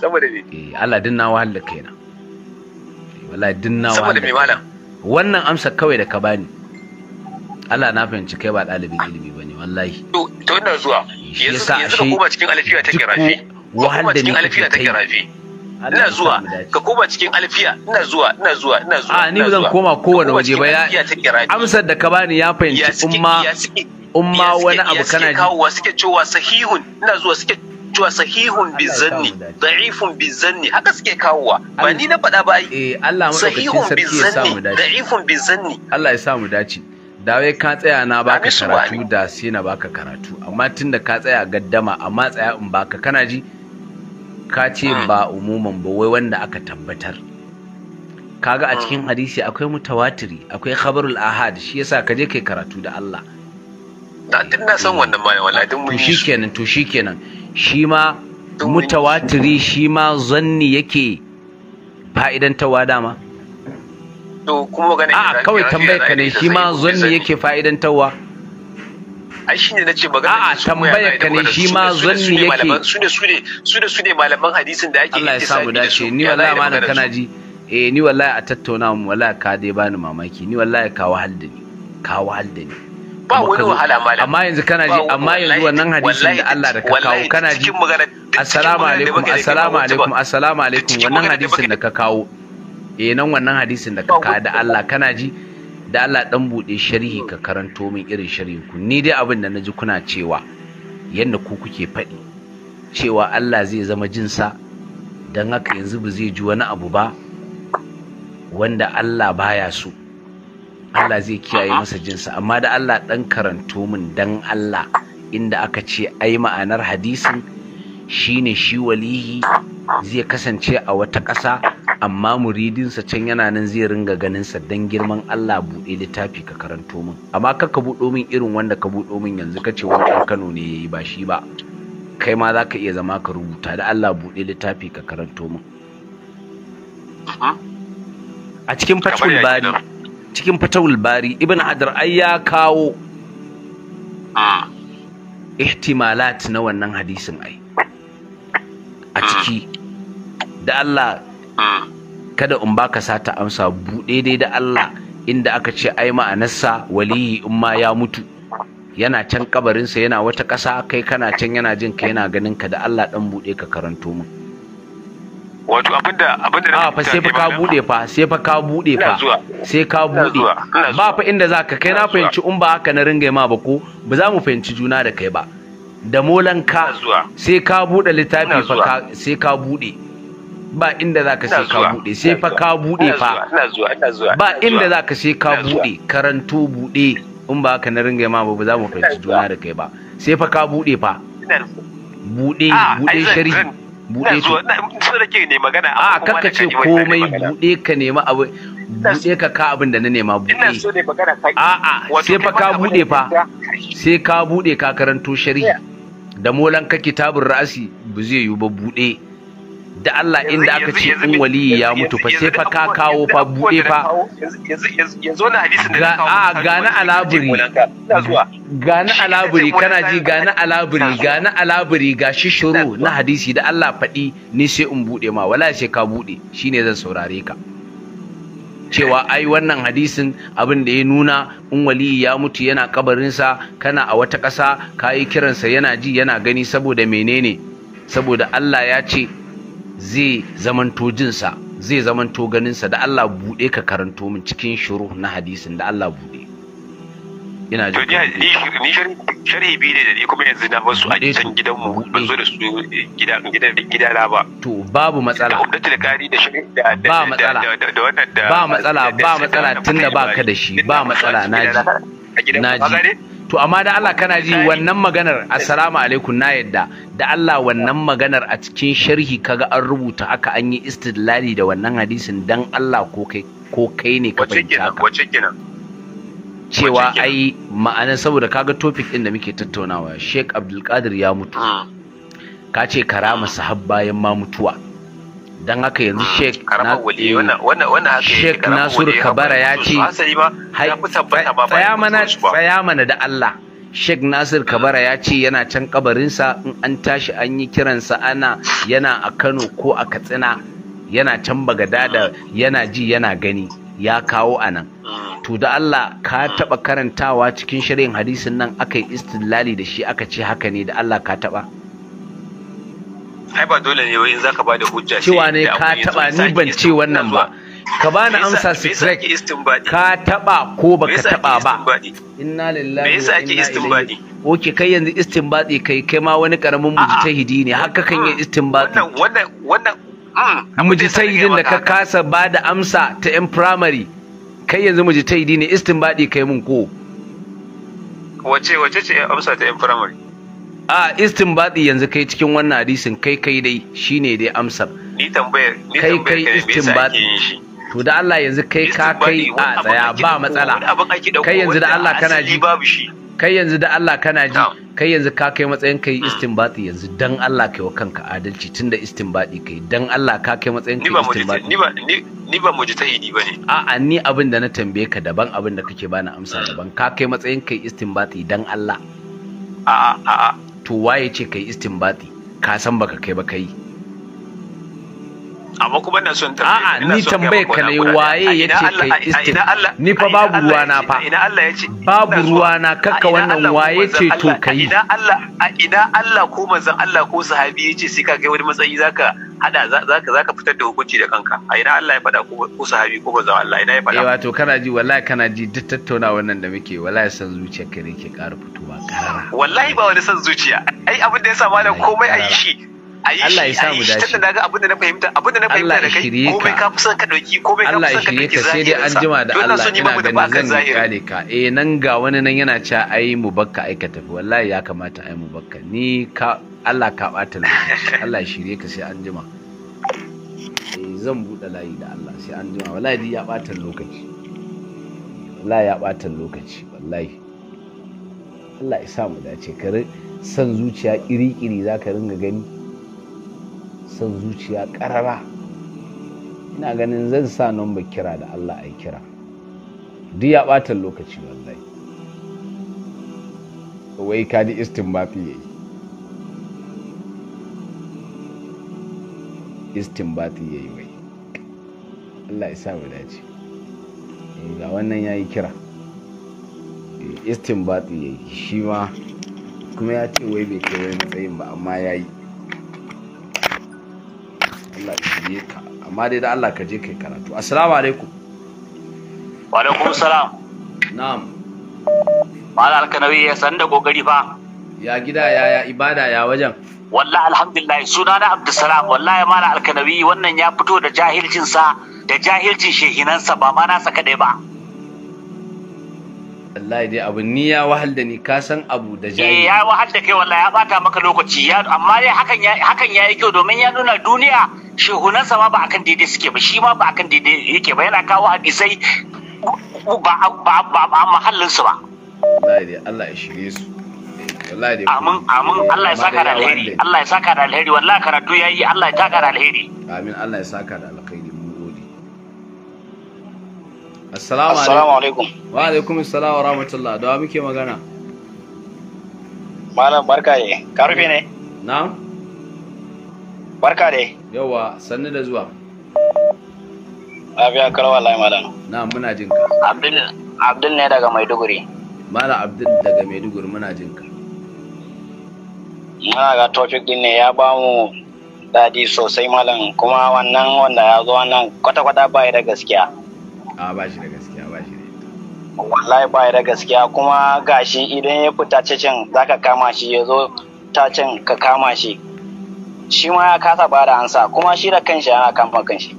saboda me eh Allah din na wahalar kaina eh, wallahi din na saboda me malam wannan amsa kawai da ka bani Allah na fahimci kai ba ɗalibin ilimi bane wallahi to to ina zuwa yanzu yanzu ka koma cikin alfiya take rafi wahalar da alfiya take rafi ina zuwa ka koma cikin alfiya ina zuwa ina zuwa ina zuwa a ni zan koma kowane waje ba ya amsar da ka bani ya fahimci umma umma wani abu kana ji kawo suke cewa sahihun ina zuwa suke cewa sahihun bizanni da'ifun bizanni haka suke kawowa ba ni na faɗa ba ai eh, sahihun bizanni da'ifun bizanni Allah ya samu dace da wai ka tsaya na baka karatu da sai na baka karatu amma tunda ka tsaya gaddama amma tsaya in baka kana ji ka ce hmm. ba umuman ba wai wanda aka tabbatar kaga a hmm. cikin hadisi akwai mutawatiri akwai khabarul ahad shi yasa ka je kai karatu da Allah da na san eh. wannan bayan wala dun mun shi kenan to shi kenan shi ma mutawatiri shi ma zanni yake fa'idantarwa dama a kawai tambayar ka ne shi ma zanni yake fa'idantarwa ai shine nace magana a tambayar ka ne shi ma zanni yake su ne su ne su ne su ne malaman hadisin da ake Allah ya samu dace ni wallahi malam kana ji eh ni wallahi a tattauna mu wallahi ka dai bani mamaki ni wallahi ka wahal da ni ka wahal da ni ba wani wahala malam amma yanzu kana ji amma yanzu wannan hadisin da Allah da ka kawo kana ji assalamu alaikum assalamu alaikum assalamu alaikum wannan hadisin da ka kawo eh nan wannan hadisin da ka kawo da Allah kana ji da Allah dan bude sharhi ka karanto min irin sharhi ku ni dai abin da naji kuna cewa yanda ku kuke faɗi cewa Allah zai zama jinsa don haka yanzu ba zai ji wani abu ba wanda Allah baya so Allah zai kiyaye masa jinsa amma da Allah ɗan karanto min dan Allah inda aka ce ai ma'anar hadisin shine shi walihi zai kasance a wata ƙasa amma muridinsa can yana nan zai ringa ganinsa dan girman Allah buɗe littafi ka karanto min amma ka ka buɗo min irin wanda ka buɗo min yanzu kace ce wani Kano ne yayi ba shi ba kai ma za ka iya zama ka rubuta da Allah buɗe littafi ka karanto min a cikin fatul bari cikin fatawul bari ibn hajar ai ya kawo a ihtimalat na wannan hadisin ai a ciki da Allah kada in baka sata amsa buɗe dai da Allah inda aka ce ai ma'anarsa waliyi in ma ya mutu yana can kabarinsa yana wata ƙasa kai kana can yana jin ka yana ganin ka da Allah dan buɗe ka karanto mu wato abinda abinda a ah, fa sai fa ka bude fa sai fa ka bude fa sai ka bude ba fa inda zaka kai na fahimci in ba haka na ringa ma ba ko ba za mu fahimci juna da kai ba da molanka sai ka bude littafi fa sai ka bude ba inda zaka sai ka bude sai fa ka bude fa ba inda zaka sai ka bude karanto bude in ba haka na ringa ma ba ba za mu fahimci juna da kai ba sai fa ka bude fa bude bude ah, sharhi buɗe to so da ke ne magana a kakka ce komai buɗe ka nema abu buɗe ka ka abin da na nema buɗe ina so ne magana ka a a sai fa ka buɗe fa sai ka buɗe ka karanto shari'a da molan ka kitabun ra'asi ba zai yi ba buɗe da Allah inda aka ce in waliyi ya mutu fa sai fa ka kawo fa buɗe fa a ga na alaburi ga alaburi kana ji gani alaburi ga ga shi shuru na hadisi da Allah faɗi ni sai in buɗe ma wala sai ka buɗe shine zan saurare ka cewa ai wannan hadisin abin da ya nuna in waliyi ya mutu yana kabarinsa kana a wata ƙasa ka yi kiransa yana ji yana gani saboda menene saboda Allah ya ce zai zamanto jinsa zai zamanto ganinsa da Allah buɗe ka karanto min cikin shuru na hadisin da Allah buɗe ina ji ni sharhi bi ne da ni kuma yanzu na wasu a can gidanmu ban zo da su eh, gida gida na ba to babu matsala da da ba matsala da wannan da ba matsala ba matsala tunda baka da shi ba matsala naji naji to amma da Allah kana ji wannan maganar assalamu alaikum na yadda da Allah wannan maganar a cikin sharhi kaga an rubuta haka an yi istidlali da wannan hadisin dan Allah ko kai ko kai ne ka haka cewa ai ma'ana saboda kaga topic din da muke tattaunawa Sheikh Abdul Qadir ya mutu ah. ka ce karama sahab bayan ma mutuwa don haka yanzu sheik ah, sheik eh, kabara ya ce tsaya mana da Allah sheik nasir kabara ya ce yana can kabarinsa in an tashi an yi kiransa ana yana a kano ko a katsina yana can da hmm. yana ji yana gani ya kawo a nan hmm. to da Allah ka hmm. taɓa karantawa cikin shirin hadisin nan aka yi istilali da shi aka ce haka ne da Allah ka taba ai ba dole ne wai zaka bada hujja cewa ne ka taba ni ban ce wannan ba ka bani amsa strike ka taba ko baka taba ba inna lillahi me yasa ake istinbadi oke kai yanzu istinbadi kai kai ma wani karamin mujtahidi ne haka kan yi mm. istinbadi wannan wannan wannan mm. mujtahidin da ka kasa bada amsa ta yan primary kai yanzu mujtahidi ne istinbadi kai mun ko wace wace ce amsa ta yan primary a istinbadi yanzu kai cikin wannan hadisin kai kai dai shine dai amsar ni tambayar ni tambayar kai istinbadi to da Allah yanzu kai ka kai a tsaya ba matsala kai yanzu da Allah kana ji kai yanzu da Allah kana ji kai yanzu ka kai matsayin kai hmm. istinbati yanzu dan Allah kai wa kanka adalci tunda istinbati kai dan Allah ka kai matsayin kai istinbati ni ba ni ba mujtahidi bane a'a ni abin da na tambaye ka daban abin da kake bani amsa daban ka kai matsayin kai istinbati dan Allah a'a a'a to waye ce kai istinbati ka san baka kai ba kai amma kuma na son tambaye a'a ni tambaye ka ne waye yace kai istin ni fa babu ruwa na fa ina Allah yace babu ruwa na kakka wannan waye ce to kai ina Allah ina Allah ko manzon Allah ko sahabi yace sai ka kai wani matsayi zaka hada zaka zaka fitar da hukunci da kanka a ina Allah ya fada ko sahabi ko manzon Allah ina ya fada eh wato kana ji wallahi kana ji duk tattauna wannan da muke wallahi san zuciya kare ne ke ƙara fitowa karara wallahi ba wani san zuciya ai abin da ya sa malam komai ayi shi a yi Allah ya samu dace tunda daga abin da na fahimta abin da na fahimta da kai komai ka fi son ka dauki komai ka fi son ka dauki zahiri sai dai an jima da Allah ina ganin zan kare ka eh nan ga wani nan yana cewa ai mu bakka ai ka tafi wallahi ya kamata ai mu bakka ni ka Allah ka bata lokaci Allah ya shirye ka sai an jima eh zan bude layi da Allah sai an jima wallahi ya bata lokaci wallahi ya bata lokaci wallahi Allah ya samu dace ka san zuciya iri-iri za ka ringa gani son zuciya ƙarara ina ganin zan sa ba kira da allah ai kira duk ya ɓata lokaci wallahi wai ka di istinbafi ya yi istinbafi ya yi wai allah ya sa mu dace eh, ga wannan ya yi kira eh, istinbati ya yi shi ma kuma ya ce wai bai kai wani matsayin ba amma yayi. biye ka amma dai da Allah ka je kai karatu assalamu alaikum wa alaikum salam na'am mala alkanawi ya san da kokari fa ya gida ya ya ibada ya wajen wallahi alhamdulillah suna na abdulsalam wallahi mala alkanawi wannan ya fito da jahilcin sa da jahilcin shehinansa ba ma na saka dai ba wallahi dai abu ni ya wahal da ni ka san abu da jayi eh, ya wahal da kai wallahi ya bata maka lokaci ya amma dai hakan ya hakan ya kyau domin ya nuna duniya shehunan sa ma ba akan daidai suke ba shi ma ba akan daidai yake ba yana kawo hadisai ba ba ba a mahallin su ba wallahi dai Allah ya shirye su wallahi dai amin amin Allah ya saka da alheri Allah ya saka da alheri wallahi karatu yayi Allah ya taka da alheri amin Allah ya saka da assalamu alaikum wa alaikum assalam wa rahmatullah da muke magana malam barka ne ka rufe ne na barka ne yawa sannu da zuwa Abiya kar wallahi malam na muna jin ka abdul abdul ne daga maiduguri malam abdul daga maiduguri muna jin ka muna ga topic din ne ya ba mu dadi sosai malam kuma wannan wanda ya zo nan kwata-kwata baya da gaskiya a ba shi da gaskiya ba shi da wallahi ba da gaskiya kuma gashi idan ya fita cicin zaka kama shi ya zo tacin ka kama shi shi ma ya kasa ba da ansa kuma shi da kanshi yana kama kanshi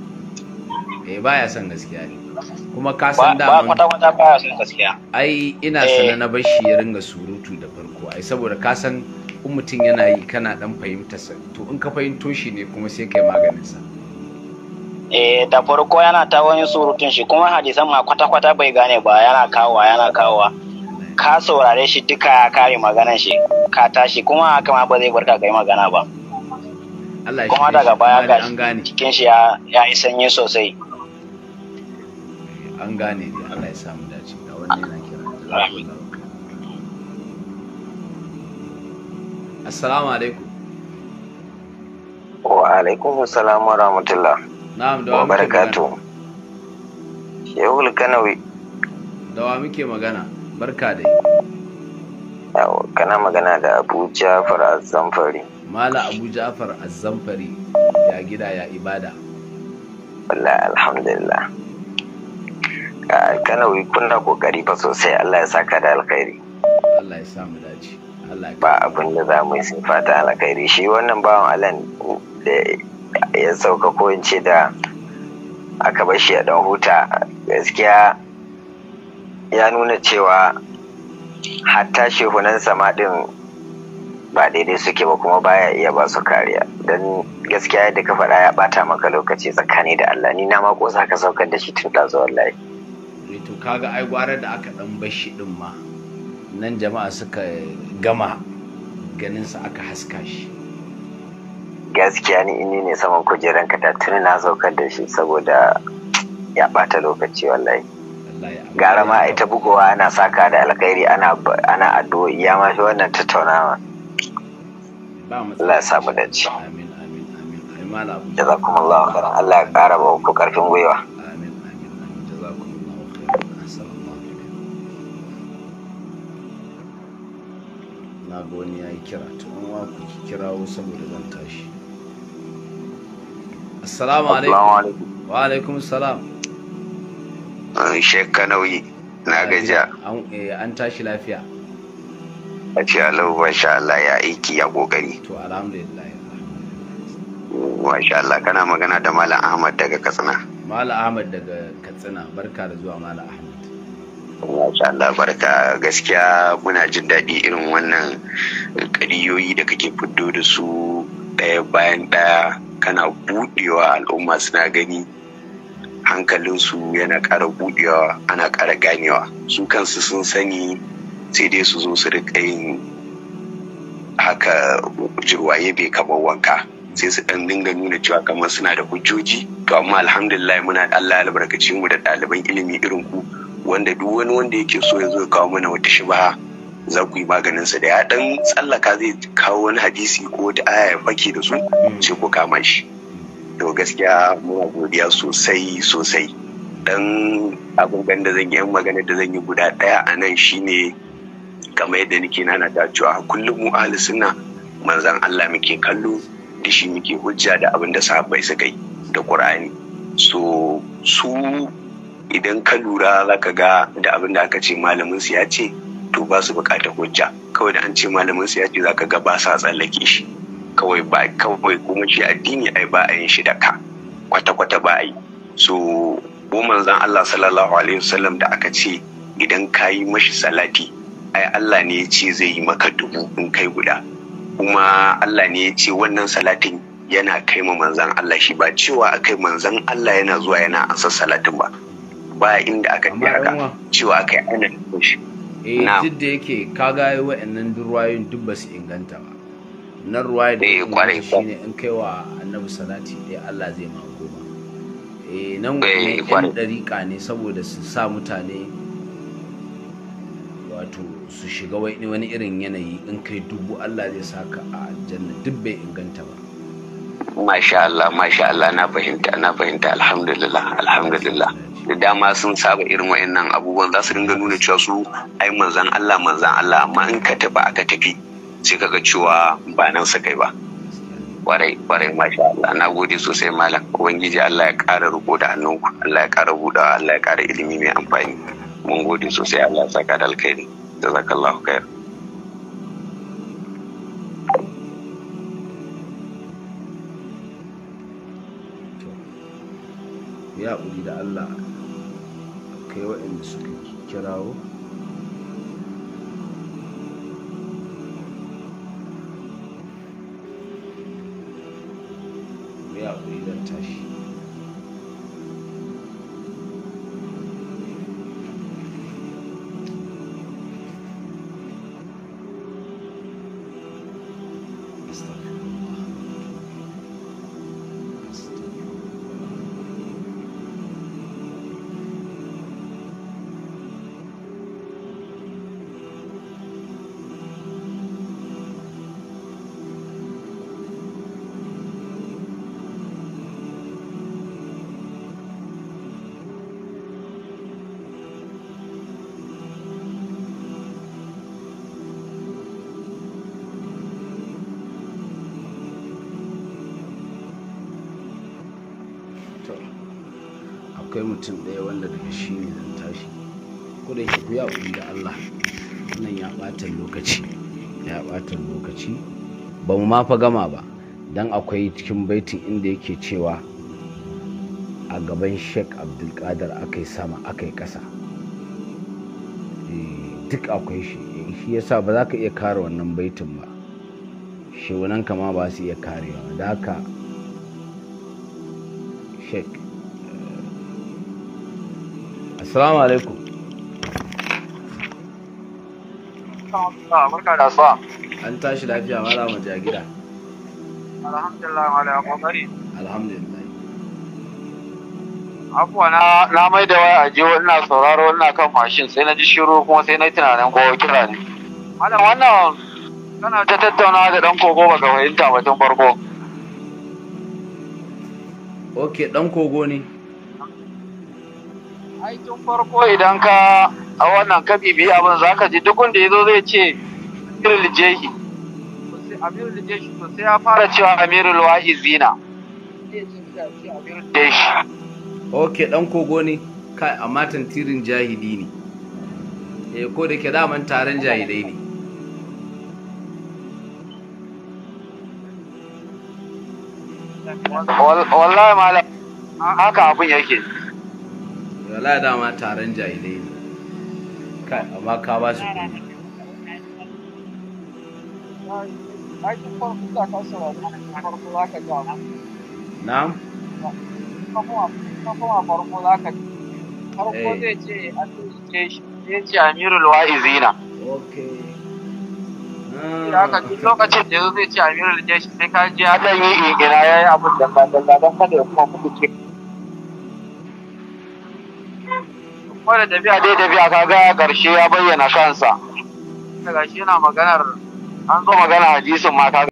eh baya son gaskiya ne kuma ka san da ba kwata kwata baya son gaskiya ai ina sanar eh. na bashi ya ringa surutu da farko ai saboda ka san in mutum yana yi kana dan sa to in ka fahimto shi ne kuma sai kai maganin sa eh da farko yana ta wani surutun shi kuma hadisan ma kwata-kwata bai gane ba yana kawowa yana kawowa ka saurare shi duka ya kare maganan shi ka tashi kuma haka ma ba zai barka kai magana ba kuma daga baya ga cikin shi ya yi sanyi sosai an gane ne Allah ya samu dace da wannan yana kira Assalamu alaikum. Wa alaikum assalam wa rahmatullah. Na'am da wa barakatu. Shehul Kanawi. Da wa muke magana? Barka dai. Yawo kana magana da Abu Ja'far Az-Zamfari. Mala Abu Ja'far Az-Zamfari ya gida ya ibada. Wallahi alhamdulillah. Kanawi kuna kokari fa sosai Allah ya saka da alkhairi. Allah ya samu dace. ba abin da za mu yi sun fata alkhairi shi wannan bawan Allah da ya sauka ko in ce da aka bar shi ya dan huta gaskiya ya nuna cewa hatta shehunan sama din ba daidai suke ba kuma baya iya ba su kariya don gaskiya yadda ka faɗa ya ɓata maka lokaci tsakani da Allah ni na ma za ka saukar da shi tun ɗazu wallahi eh to kaga ai gwara da aka ɗan bar shi ɗin ma nan jama'a suka gama ganin sa aka haska shi gaskiya ni ini ne saman kujeran da tuni na saukar da shi saboda ya bata lokaci wallahi gara ma ita bugowa ana saka da alkhairi ana ana addu'o'i ya ma shi wannan tattaunawa Allah ya samu da ci jazakumullahu khairan Allah ya kara ba ku karfin gwiwa na ga ya yi kira tun wa ku kirawo saboda zan tashi Assalamu alaikum. Wa alaikum salam. Shekka nauyi na gaja. Eh, an tashi lafiya. A ce Allah sha Allah ya aiki ya kokari. To alhamdulillah. sha Allah kana magana da Malam Ahmad daga Katsina. Malam Ahmad daga Katsina barka da zuwa Malam Ahmad. Masha Allah barka gaskiya muna jin daɗi irin wannan ƙariyoyi da kake fito da su ɗaya bayan ɗaya kana buɗewa al'umma suna gani hankalinsu yana ƙara buɗewa ana ƙara ganewa su kansu sun sani sai dai su zo su riƙa yin haka jirwaye bai kaba wanka sai su ɗan dinga nuna cewa kamar suna da hujjoji to amma alhamdulillah muna Allah albarkacin mu da ɗaliban ilimi irin ku wanda duk wani wanda yake so ya zo ya kawo mana wata shibaha za ku yi maganin sa da ya dan tsallaka zai kawo wani hadisi ko da aya baki da su ce hmm. ku kama shi to gaskiya muna godiya sosai sosai dan abubuwan da zan yi magana da zan yi guda daya a nan shine kamar yadda nake nana da cewa kullum mu ahli sunna manzon Allah muke kallo da shi muke hujja da abin da sahabbai suka yi da Qur'ani so su idan ka lura zaka ga da abin da aka ce malamin su ya ce to ba su bukatar hujja kawai da an ce malamin su ya ce za ka ga ba sa tsallake shi kawai ba kawai kuma shi addini ai ba a yin shi da ka kwata kwata ba a yi so ko manzon Allah sallallahu alaihi wasallam da aka ce idan ka yi mashi salati ai Allah ne ya ce zai yi maka dubu in kai guda kuma Allah ne ya ce wannan salatin yana kai ma manzan Allah shi ba cewa akai manzan Allah yana zuwa yana ansa salatin ba ba inda aka ce haka cewa akai ana shi eh duk da yake ka ga wa'annan durwayoyin duk ba su inganta ba nan ruwaya da ya eh, shine in kai wa annabi salati dai Allah zai ma goma eh nan wani eh, yan dariƙa ne saboda su sa mutane wato su shiga wani irin yanayi in kai dubu Allah zai saka a aljanna duk bai inganta ba masha Allah masha Allah na fahimta na fahimta alhamdulillah alhamdulillah da dama sun saba irin wa'annan abubuwan za su dinga nuna cewa su ai manzan Allah manzan Allah amma in ka tafi aka tafi sai kaga cewa ba nan su kai ba warai warai masha Allah na gode sosai malam ubangiji Allah ya ƙara riko da hannunku Allah ya ƙara buɗawa Allah ya ƙara ilimi mai amfani mun gode sosai Allah ya saka da alkhairi jazakallahu khair ya ƙuri da allah kai waɗanda suka kirawo ya ƙuri da tashi mutum ɗaya wanda daga shi ne zan tashi ko da yake kuya ubi da Allah wannan ya ɓata lokaci ya ɓata lokaci ba mu ma fa gama ba don akwai cikin baitin inda yake cewa a gaban sheik abdulkadir aka yi sama aka yi ƙasa eh, duk akwai shi eh, shi yasa ba za ka iya kare wannan baitin ba shi wannan kama ba su iya karewa da haka sheik Assalamu alaikum. Barka da sa. An tashi lafiya mara mace gida. Alhamdulillah mara kokari. Alhamdulillah. Abuwa na na mai da waya a jiwo ina sauraro wannan kan mashin sai na ji shiru kuma sai na yi tunanin ko kira ne. Malam wannan kana ta tattaunawa da dan kogo baka fahimta batun farko. Ok, dan kogo ne. ai tun farko idan ka a wannan ka bibi abin za ka ji duk wanda ya zo zai ce amirul jehi sai ya fara cewa amirul zina. ok dan kogo ne kai matan tirin jahidi ne eh ko da ke daman taron jahidai ne wallahi malam haka abin yake wala dama taron jahilai ne kai amma ka ba su kuɗi na'am za ka eh. zai ce zai ah. lokacin da yanzu zai ce amirul jeshi sai ka ji ya dan yi ingina ya yi abin da ba da don kada ya kuma kuɗi ce kuma da tafiya dai tafiya ka ga karshe ya bayyana kansa daga shi yana maganar an zo magana hadisin ma ka